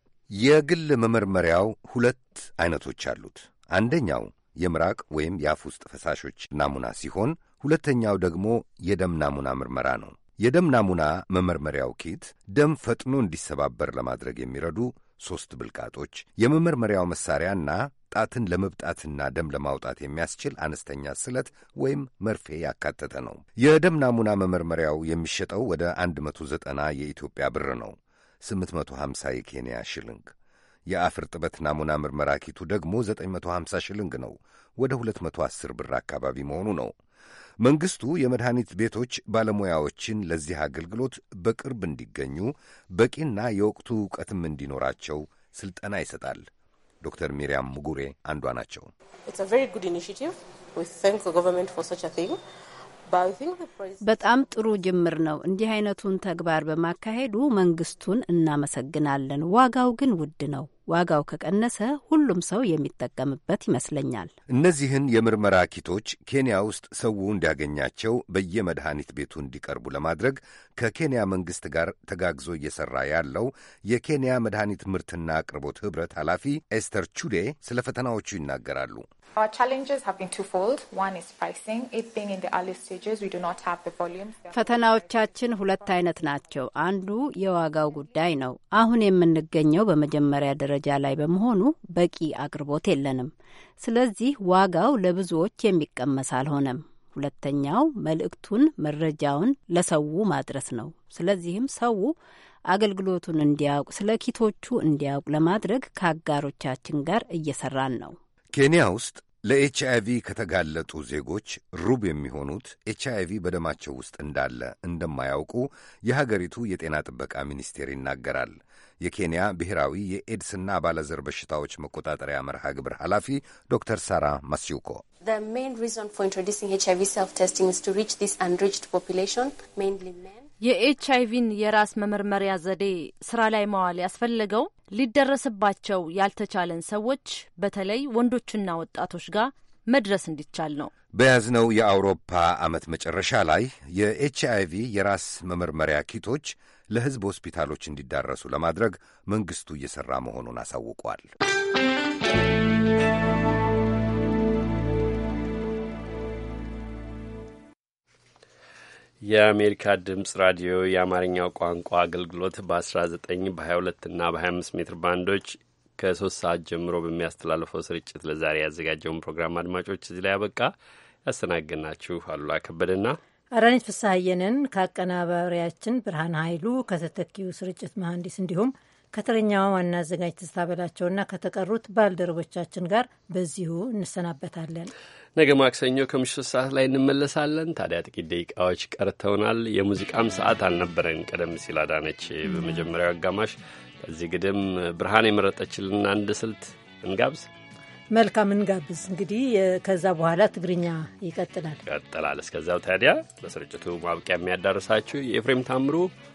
የግል መመርመሪያው ሁለት አይነቶች አሉት። አንደኛው የምራቅ ወይም የአፍ ውስጥ ፈሳሾች ናሙና ሲሆን ሁለተኛው ደግሞ የደም ናሙና ምርመራ ነው። የደም ናሙና መመርመሪያው ኪት ደም ፈጥኖ እንዲሰባበር ለማድረግ የሚረዱ ሦስት ብልቃጦች፣ የመመርመሪያው መሣሪያና ጣትን ለመብጣትና ደም ለማውጣት የሚያስችል አነስተኛ ስለት ወይም መርፌ ያካተተ ነው። የደም ናሙና መመርመሪያው የሚሸጠው ወደ 190 የኢትዮጵያ ብር ነው። 850 የኬንያ ሽልንግ፣ የአፍር ጥበት ናሙና ምርመራ ኪቱ ደግሞ 950 ሽልንግ ነው፣ ወደ 210 ብር አካባቢ መሆኑ ነው። መንግሥቱ የመድኃኒት ቤቶች ባለሙያዎችን ለዚህ አገልግሎት በቅርብ እንዲገኙ በቂና የወቅቱ ዕውቀትም እንዲኖራቸው ስልጠና ይሰጣል። ዶክተር ሚሪያም ሙጉሬ አንዷ ናቸው። በጣም ጥሩ ጅምር ነው። እንዲህ አይነቱን ተግባር በማካሄዱ መንግስቱን እናመሰግናለን። ዋጋው ግን ውድ ነው። ዋጋው ከቀነሰ ሁሉም ሰው የሚጠቀምበት ይመስለኛል። እነዚህን የምርመራ ኪቶች ኬንያ ውስጥ ሰው እንዲያገኛቸው በየመድኃኒት ቤቱ እንዲቀርቡ ለማድረግ ከኬንያ መንግስት ጋር ተጋግዞ እየሰራ ያለው የኬንያ መድኃኒት ምርትና አቅርቦት ኅብረት ኃላፊ ኤስተር ቹዴ ስለ ፈተናዎቹ ይናገራሉ። ፈተናዎቻችን ሁለት አይነት ናቸው። አንዱ የዋጋው ጉዳይ ነው። አሁን የምንገኘው በመጀመሪያ ደረጃ ላይ በመሆኑ በቂ አቅርቦት የለንም። ስለዚህ ዋጋው ለብዙዎች የሚቀመስ አልሆነም። ሁለተኛው መልእክቱን፣ መረጃውን ለሰው ማድረስ ነው። ስለዚህም ሰው አገልግሎቱን እንዲያውቅ፣ ስለ ኪቶቹ እንዲያውቅ ለማድረግ ከአጋሮቻችን ጋር እየሰራን ነው። ኬንያ ውስጥ ለኤች ቪ ከተጋለጡ ዜጎች ሩብ የሚሆኑት ኤች በደማቸው ውስጥ እንዳለ እንደማያውቁ የሀገሪቱ የጤና ጥበቃ ሚኒስቴር ይናገራል። የኬንያ ብሔራዊ የኤድስና ባለዘር በሽታዎች መቆጣጠሪያ መርሃ ግብር ኃላፊ ዶክተር ሳራ ማስዩኮ የኤች አይቪን የራስ መመርመሪያ ዘዴ ስራ ላይ መዋል ያስፈለገው ሊደረስባቸው ያልተቻለን ሰዎች በተለይ ወንዶችና ወጣቶች ጋር መድረስ እንዲቻል ነው። በያዝነው የአውሮፓ ዓመት መጨረሻ ላይ የኤች አይቪ የራስ መመርመሪያ ኪቶች ለሕዝብ ሆስፒታሎች እንዲዳረሱ ለማድረግ መንግሥቱ እየሠራ መሆኑን አሳውቋል። የአሜሪካ ድምጽ ራዲዮ የአማርኛው ቋንቋ አገልግሎት በ19 በ22 እና በ25 ሜትር ባንዶች ከሶስት ሰዓት ጀምሮ በሚያስተላልፈው ስርጭት ለዛሬ ያዘጋጀውን ፕሮግራም አድማጮች እዚህ ላይ ያበቃ። ያስተናግናችሁ አሉላ ከበደና አዳነች ፍስሐየንን ከአቀናባሪያችን ብርሃን ኃይሉ ከተተኪው ስርጭት መሐንዲስ እንዲሁም ከተረኛዋ ዋና አዘጋጅ ትስታበላቸውና ከተቀሩት ባልደረቦቻችን ጋር በዚሁ እንሰናበታለን። ነገ ማክሰኞ ከምሽቱ ሰዓት ላይ እንመለሳለን። ታዲያ ጥቂት ደቂቃዎች ቀርተውናል። የሙዚቃም ሰዓት አልነበረን። ቀደም ሲል አዳነች በመጀመሪያው አጋማሽ ከዚህ ግድም ብርሃን የመረጠችልን አንድ ስልት እንጋብዝ። መልካም እንጋብዝ። እንግዲህ ከዛ በኋላ ትግርኛ ይቀጥላል ይቀጥላል። እስከዚያው ታዲያ በስርጭቱ ማብቂያ የሚያዳርሳችሁ የኤፍሬም ታምሩ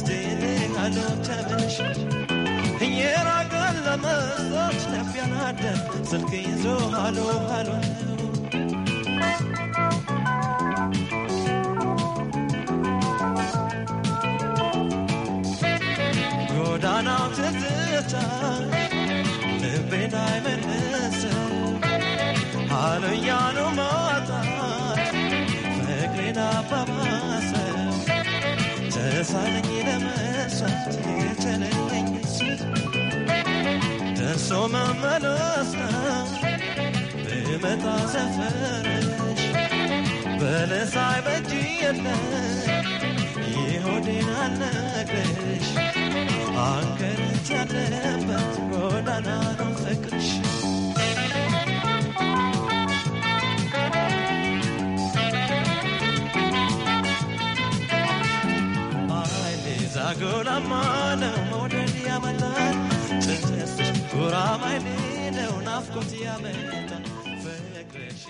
ስቴኔን አለተመሽ እየራቀን ለመሳች ነቢያን አደር ስልክ ይዞ ሃሎ ሃሎ ጎዳናው ትዝታ ልቤን አይመልስም ሃሎ እያሉ ማጣት ፍቅሬን አባባ ተሳለኝ ለመርሳት የተለየኝ ስት ደርሶ ማመላሳ ብመጣ ዘፈረሽ በለሳይ በጅ የለ ይሆዴን አልነግረሽ ጎዳና ነው አጎላማ ነው መውደድ ያመጣል ጭንቀትሽ ጉራማይሌ ነው ናፍቆት ያመጣል ፍቅርሽ